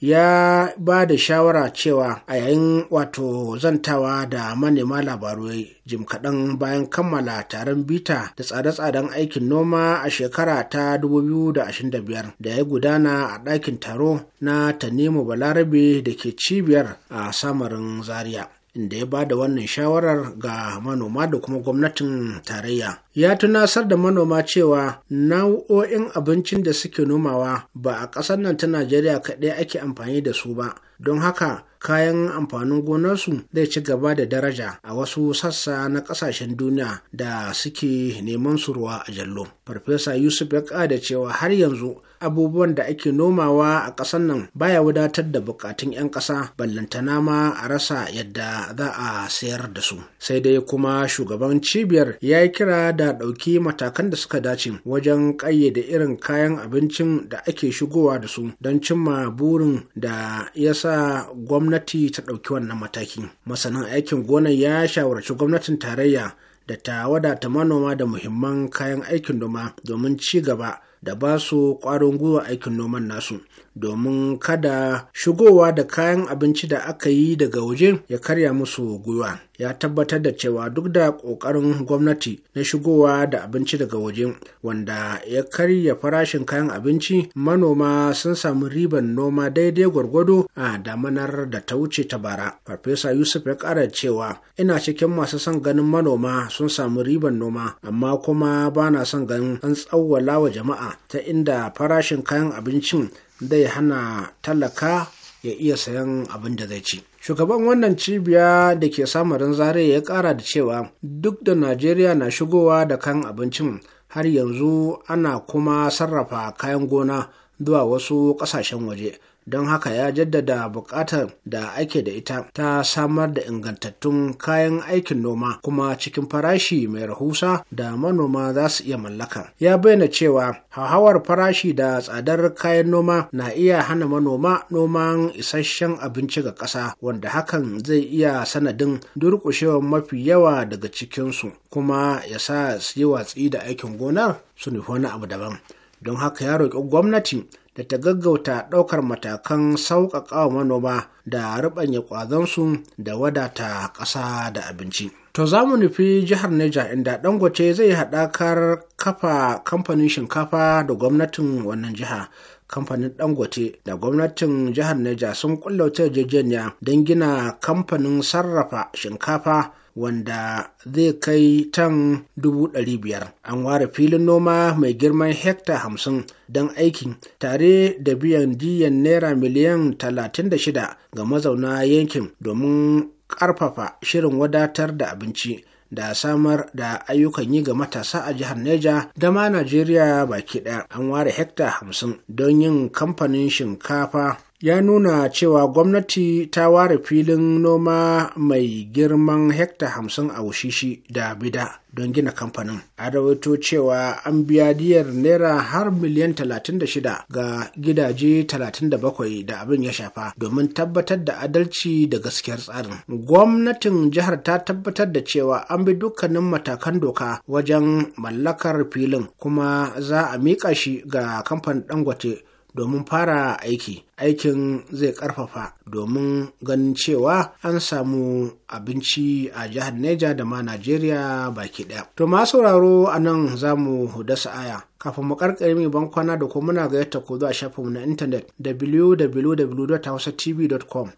ya ba da shawara cewa a yayin wato zantawa da manema labaru jim kaɗan bayan kammala taron bita da tsare-tsaren aikin noma a shekara ta 2025 da ya gudana a ɗakin taro na tanimu balarabe da ke cibiyar a samarin zaria inda ya ba da wannan shawarar ga manoma da kuma gwamnatin tarayya. Ya tunasar da manoma cewa nau'o'in abincin da suke nomawa ba a ƙasar nan ta Najeriya kaɗai ake amfani da su ba, don haka kayan amfanin gonarsu zai ci gaba da daraja a wasu sassa na ƙasashen duniya da suke neman su ruwa a jallo. Farfesa Yusuf ya ƙada cewa har yanzu abubuwan da ake nomawa a ƙasar nan baya wadatar da bukatun 'yan ƙasa ballantana ma a rasa yadda za a sayar da su sai dai kuma shugaban cibiyar ya yi kira da ɗauki matakan da suka dace wajen ƙayyade irin kayan abincin da ake shigowa da su don cimma burin da ya sa gwamnati ta ɗauki wannan mataki masanin aikin gona ya shawarci gwamnatin tarayya da ta wadata manoma da muhimman kayan aikin noma domin ci gaba da ba su ƙwarin gwiwa aikin noman nasu domin kada shigowa da kayan abinci da aka yi daga waje ya karya musu gwiwa ya tabbatar da cewa duk da ƙoƙarin gwamnati na shigowa da abinci daga waje wanda ya karya farashin kayan abinci manoma sun samu riban noma daidai gwargwado a damanar da ta wuce ta bara farfesa yusuf ya ƙara cewa ina cikin masu son ganin manoma sun samu riban noma amma kuma ba na son ganin an tsawwala wa jama'a ta inda farashin kayan abincin zai hana talaka ya iya sayan abin da zai ci. shugaban wannan cibiya da ke samarin zare ya kara da cewa duk da najeriya na shigowa da kan abincin har yanzu ana kuma sarrafa kayan gona zuwa wasu kasashen waje don haka ya jaddada buƙatar da ake da ita ta samar da ingantattun kayan aikin noma kuma cikin farashi mai rahusa da manoma za su iya mallaka ya bayyana cewa hauhawar farashi da tsadar kayan noma na iya hana manoma noman isasshen abinci ga ƙasa wanda hakan zai iya sanadin durƙushewar mafi yawa daga cikinsu kuma ya sa su yi watsi da aikin gona su nufi wani abu daban don haka ya roƙi gwamnati da ta gaggauta ɗaukar matakan sauƙaƙawa manoma da ruɓanya ƙwazonsu da wadata ƙasa da abinci. To za mu nufi jihar Neja inda Dangote zai haɗakar kafa kamfanin shinkafa da gwamnatin wannan jiha. Kamfanin Dangote da gwamnatin jihar Neja sun ƙulla yarjejeniya don gina kamfanin sarrafa shinkafa wanda zai kai tan dubu ɗari biyar an ware filin noma mai girman hekta hamsin don aikin tare da biyan diyan naira miliyan talatin da shida ga mazauna yankin domin ƙarfafa shirin wadatar da abinci da samar da ayyukan yi ga matasa a jihar Neja da ma Najeriya baki ɗaya. An ware hekta hamsin don yin kamfanin shinkafa ya nuna cewa gwamnati ta ware filin noma mai girman hekta hamsin a wushishi da bida don gina kamfanin a rawaito cewa an biya diyar naira har miliyan 36 ga gidaje 37 da abin ya shafa domin tabbatar da adalci da gaskiyar tsarin gwamnatin jihar ta tabbatar da cewa an bi dukkanin matakan doka wajen mallakar filin kuma za a miƙa shi ga kamfanin dangote domin fara aiki aikin zai karfafa domin ganin cewa an samu abinci a jihar neja da ma najeriya baki daya to ma sauraro a nan za mu dasa aya kafin mu karkare mai bankwana da kuma muna gayyata ko zuwa shafinmu na intanet da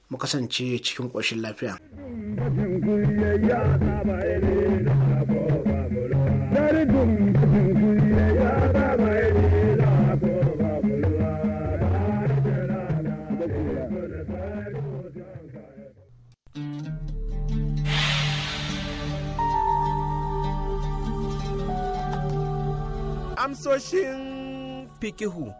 mu kasance cikin ƙoshin lafiya. mu kasance cikin ya baba Amsoshin fikihu.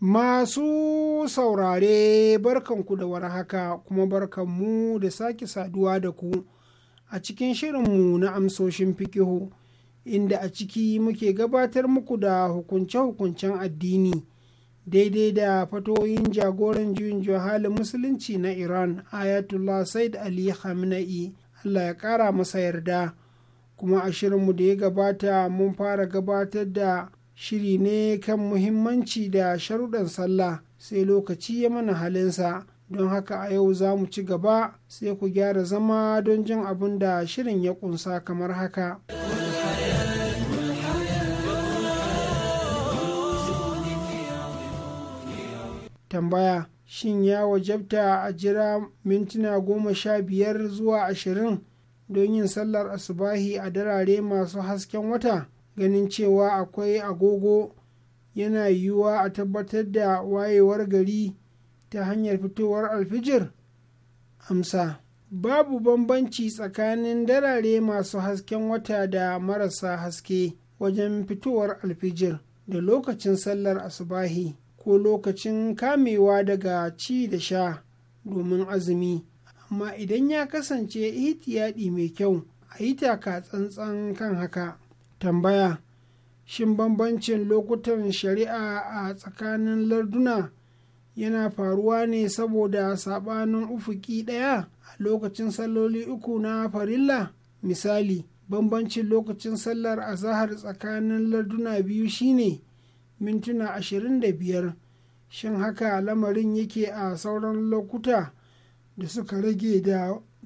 Masu saurare barkanku da warhaka kuma barkanmu da sake saduwa da ku a cikin shirinmu na amsoshin fikihu inda a ciki muke gabatar muku da hukunce-hukuncen addini daidai da fatoyin jagoran juyin halin musulunci na Iran ayatullah Said Ali Khamenei Allah ya kara masa yarda. kuma a shirinmu da ya gabata mun fara gabatar da shiri ne kan muhimmanci da sharuɗan sallah sai lokaci ya mana halinsa don haka a yau za mu ci gaba sai ku gyara zama don jin abin da shirin ya ƙunsa kamar haka. tambaya shin ya wajabta a jira mintuna goma sha biyar zuwa ashirin don yin sallar asubahi a darare masu hasken wata ganin cewa akwai agogo yana yiwuwa a tabbatar da wayewar gari ta hanyar fitowar alfijir amsa babu bambanci tsakanin darare masu hasken wata da marasa haske wajen fitowar alfijir da lokacin sallar asubahi ko lokacin kamewa daga ci da sha domin azumi amma idan ya kasance ihtiyadi mai kyau a yi taka tsantsan kan haka tambaya shin bambancin lokutan shari'a a tsakanin larduna yana faruwa ne saboda sabanin ufuki ɗaya a lokacin saloli uku na farilla misali bambancin lokacin sallar azahar tsakanin larduna biyu shine mintuna 25 shin haka lamarin yake a sauran lokuta da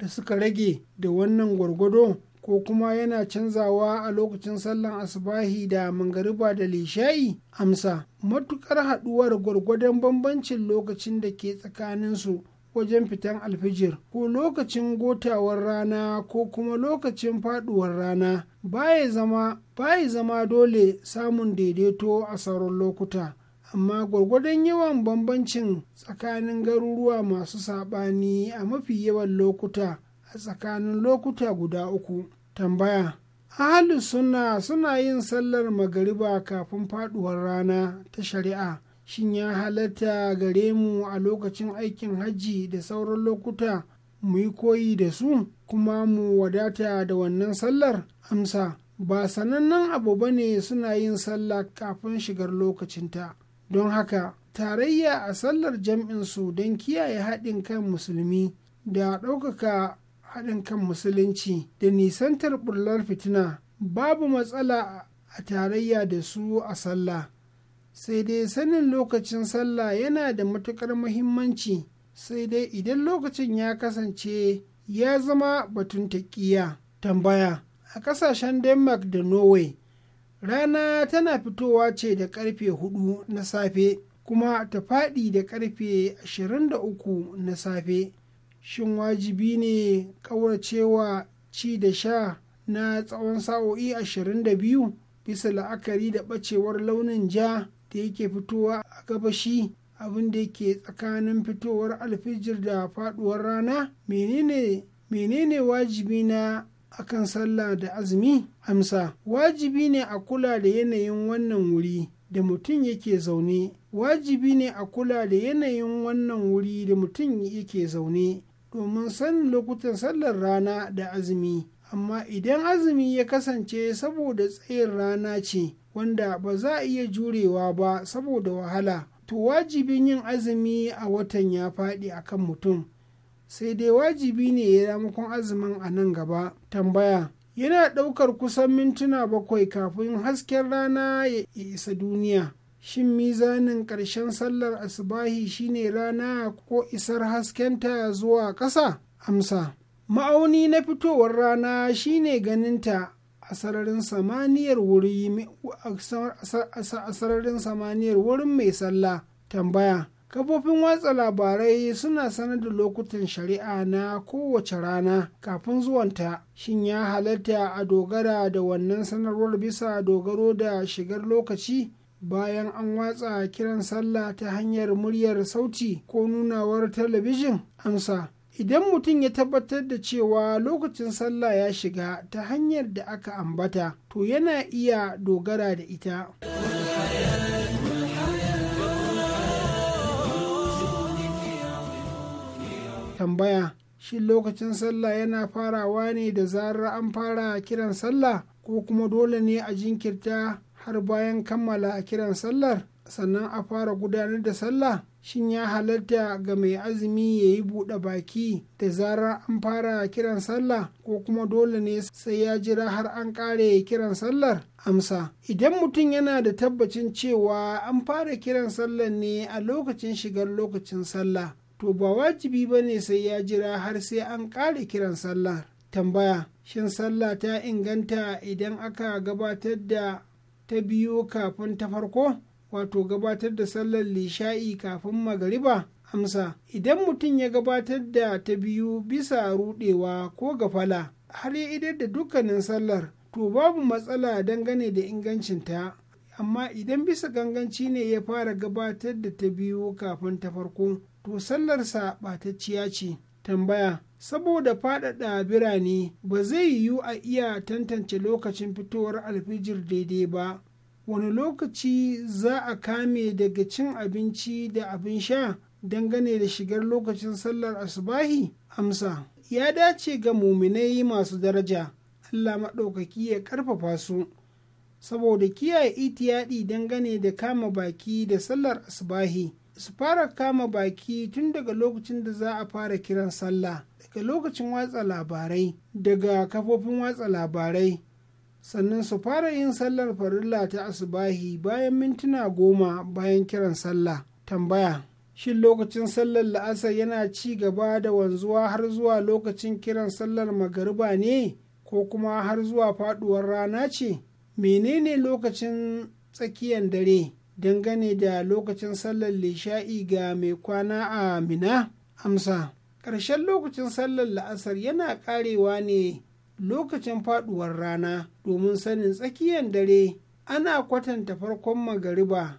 suka rage da wannan gwargwado ko kuma yana canzawa a lokacin sallan asubahi da mangariba da lishayi? amsa matukar haɗuwar gwargwadon bambancin lokacin da ke tsakaninsu wajen fitan alfijir ko lokacin gotawar rana ko kuma lokacin faduwar rana baya zama zama dole samun daidaito a sauran lokuta amma gwargwadon yawan bambancin tsakanin garuruwa masu saɓani a mafi yawan lokuta a tsakanin lokuta guda uku tambaya ahalu suna suna yin sallar magariba kafin faduwar rana ta shari'a shin ya halatta gare mu a lokacin aikin hajji da sauran lokuta mu yi koyi da su kuma mu wadata da wannan sallar amsa ba sanannen abu ba ne suna yin sallah kafin shigar lokacinta don haka tarayya a sallar jam'insu don kiyaye haɗin kan musulmi da ɗaukaka haɗin kan musulunci da nisantar ɓullar fitina babu matsala a tarayya da su a sallah sai dai sanin lokacin sallah yana da matuƙar muhimmanci sai dai idan lokacin ya kasance ya zama batun taƙiya tambaya a ƙasashen denmark da norway rana tana fitowa ce da karfe hudu na safe kuma ta faɗi da karfe 23 na safe shin wajibi ne ƙauracewa ci da sha na tsawon sa'o'i 22 bisa la'akari da ɓacewar launin ja da yake fitowa a gabashi abin da yake tsakanin fitowar alfijir da faduwar rana menene wajibi na akan sallah da azumi amsa wajibi ne a kula da yanayin wannan wuri da mutum yake zaune wajibi ne a kula da yanayin wannan wuri da mutum yake zaune domin sanin lokutan sallar rana da azumi amma idan azumi ya kasance saboda tsayin rana ce wanda ba za a iya jurewa ba saboda wahala to wajibin yin azumi a watan ya faɗi akan mutum sai dai wajibi ne ya ramakon azumin a nan gaba tambaya yana ɗaukar kusan mintuna bakwai kafin hasken rana ya isa duniya shin mizanin ƙarshen sallar asubahi shine rana ko isar hasken haskenta zuwa ƙasa amsa ma'auni na fitowar rana shine ganinta a sararin samaniyar wuri a sararin samaniyar wurin mai sallah tambaya kafofin watsa labarai suna sanar da lokutan shari'a na kowace rana kafin zuwanta shin ya halatta a dogara da wannan sanarwar bisa dogaro da shigar lokaci bayan an watsa kiran sallah ta hanyar muryar sauti ko nunawar talabijin amsa idan mutum ya tabbatar da cewa lokacin sallah ya shiga ta hanyar da aka ambata to yana iya dogara da ita tambaya shin lokacin sallah yana farawa ne da zarar an fara kiran sallah ko kuma dole ne a jinkirta har bayan kammala a kiran sallar sannan a fara gudanar da sallah shin ya halatta ga mai azumi ya yi buɗe baki da zarar an fara kiran sallah ko kuma dole ne sai ya jira har an ƙare kiran sallar amsa idan mutum yana da tabbacin cewa an fara kiran sallar ne a lokacin shigar lokacin sallah to ba wajibi ba ne sai ya jira har sai an ƙare kiran sallar tambaya shin sallah ta inganta idan aka gabatar da ta biyu kafin ta farko wato gabatar da sallar lishai kafin magariba amsa idan mutum ya gabatar da ta biyu bisa rudewa ko gafala har ya idar da dukkanin sallar to babu matsala dangane da ingancinta amma idan bisa ganganci ne ya fara gabatar da ta biyu kafin ta farko to sallarsa ɓatacciya ce tambaya saboda faɗaɗa birane ba zai yiwu a iya tantance lokacin fitowar alfijir daidai ba wani lokaci za a kame daga cin abinci da abin sha dangane da shigar lokacin sallar asubahi amsa ya dace ga muminai masu daraja allah maɗaukaki ya ƙarfafa su saboda kiyaye itiyaɗi dangane da kama baki da sallar asubahi su fara kama baki tun daga lokacin da za a fara kiran sallah daga lokacin watsa labarai daga kafofin watsa labarai sannan su fara yin sallar farilla ta asubahi bayan mintuna goma bayan kiran sallah tambaya shin lokacin sallar la'asar yana ci gaba da wanzuwa har zuwa lokacin kiran sallar magariba ne ko kuma har zuwa faduwar rana ce menene lokacin tsakiyar dare dangane da lokacin sallar lisha'i ga mai kwana a mina amsa ƙarshen lokacin sallar la'asar yana ƙarewa ne lokacin faɗuwar rana domin sanin tsakiyar dare ana kwatanta farkon magariba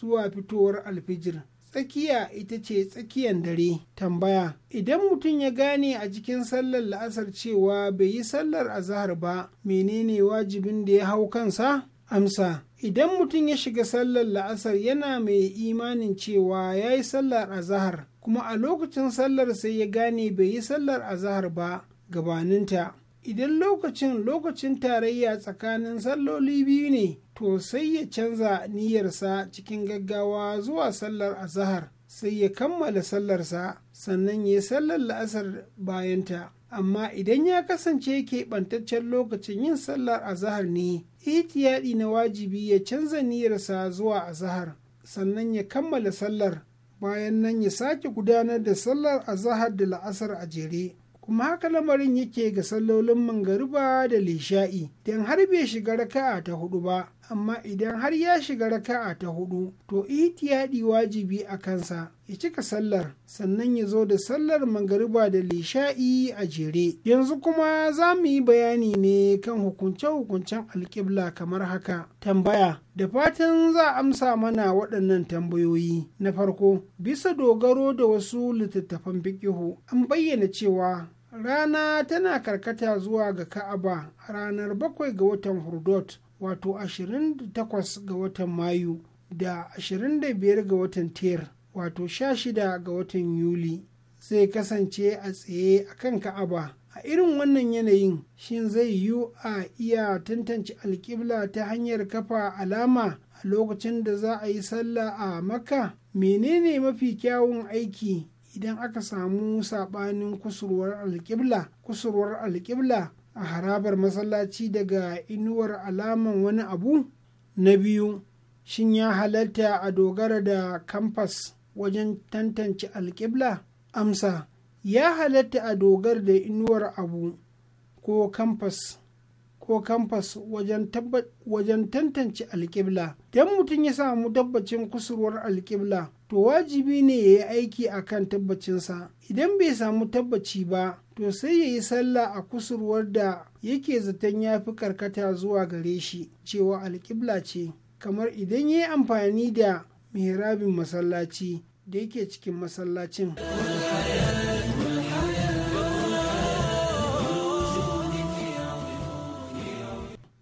zuwa fitowar alfijir tsakiya ita ce tsakiyar dare tambaya idan mutum ya gane a cikin sallar la'asar cewa bai yi sallar azahar ba menene wajibin da ya hau kansa amsa idan mutum ya shiga sallar la'asar yana mai imanin cewa ya yi sallar azahar kuma a lokacin sallar sai ya gane bai yi sallar azahar ba gabaninta idan lokacin lokacin tarayya tsakanin salloli biyu ne to sai ya canza niyyarsa cikin gaggawa zuwa sallar azahar sai ya kammala sallarsa sannan ya sallar la'asar bayanta amma idan ya kasance keɓantaccen lokacin yin sallar azahar ne ihtiyadi na wajibi ya canza niyyarsa zuwa azahar sannan ya kammala sallar bayan nan ya sake gudanar da sallar azahar da la'asar a jere kuma haka lamarin yake ga sallolin mangariba da lishai don har bai shiga raka'a ta hudu ba amma idan har ya shiga raka'a ta hudu to itiyadi wajibi a kansa ya cika sallar sannan ya zo da sallar magariba da lisha'i a jere yanzu kuma za mu yi bayani ne kan hukunce-hukuncen alƙibla kamar haka tambaya da fatan za a amsa mana waɗannan tambayoyi na farko bisa dogaro da wasu littattafan bikihu an bayyana cewa rana tana karkata zuwa ga ka'aba ranar bakwai ga watan hurdot wato 28 ga watan mayu da 25 ga watan tir wato 16 ga watan yuli zai kasance a tsaye a kan ka'aba a irin wannan yanayin shin zai yiwu a iya tantance alƙibla ta hanyar kafa alama a lokacin da za a yi sallah a makka menene mafi kyawun aiki idan aka samu saɓanin kusurwar alƙibla kusurwar alƙibla a harabar masallaci daga inuwar alaman wani abu na biyu shin ya halatta a dogara da kamfas wajen tantance alƙibla amsa ya halatta a dogara da inuwar abu ko kamfas ko kamfas wajen tantance alƙibla don mutum ya samu tabbacin kusurwar alƙibla to wajibi ne ya yi aiki a kan tabbacinsa idan bai samu tabbaci ba to sai ya yi sallah a kusurwar da yake zaton ya fi karkata zuwa gare shi cewa alƙibla ce kamar idan ya yi amfani da mihrabin masallaci da yake cikin masallacin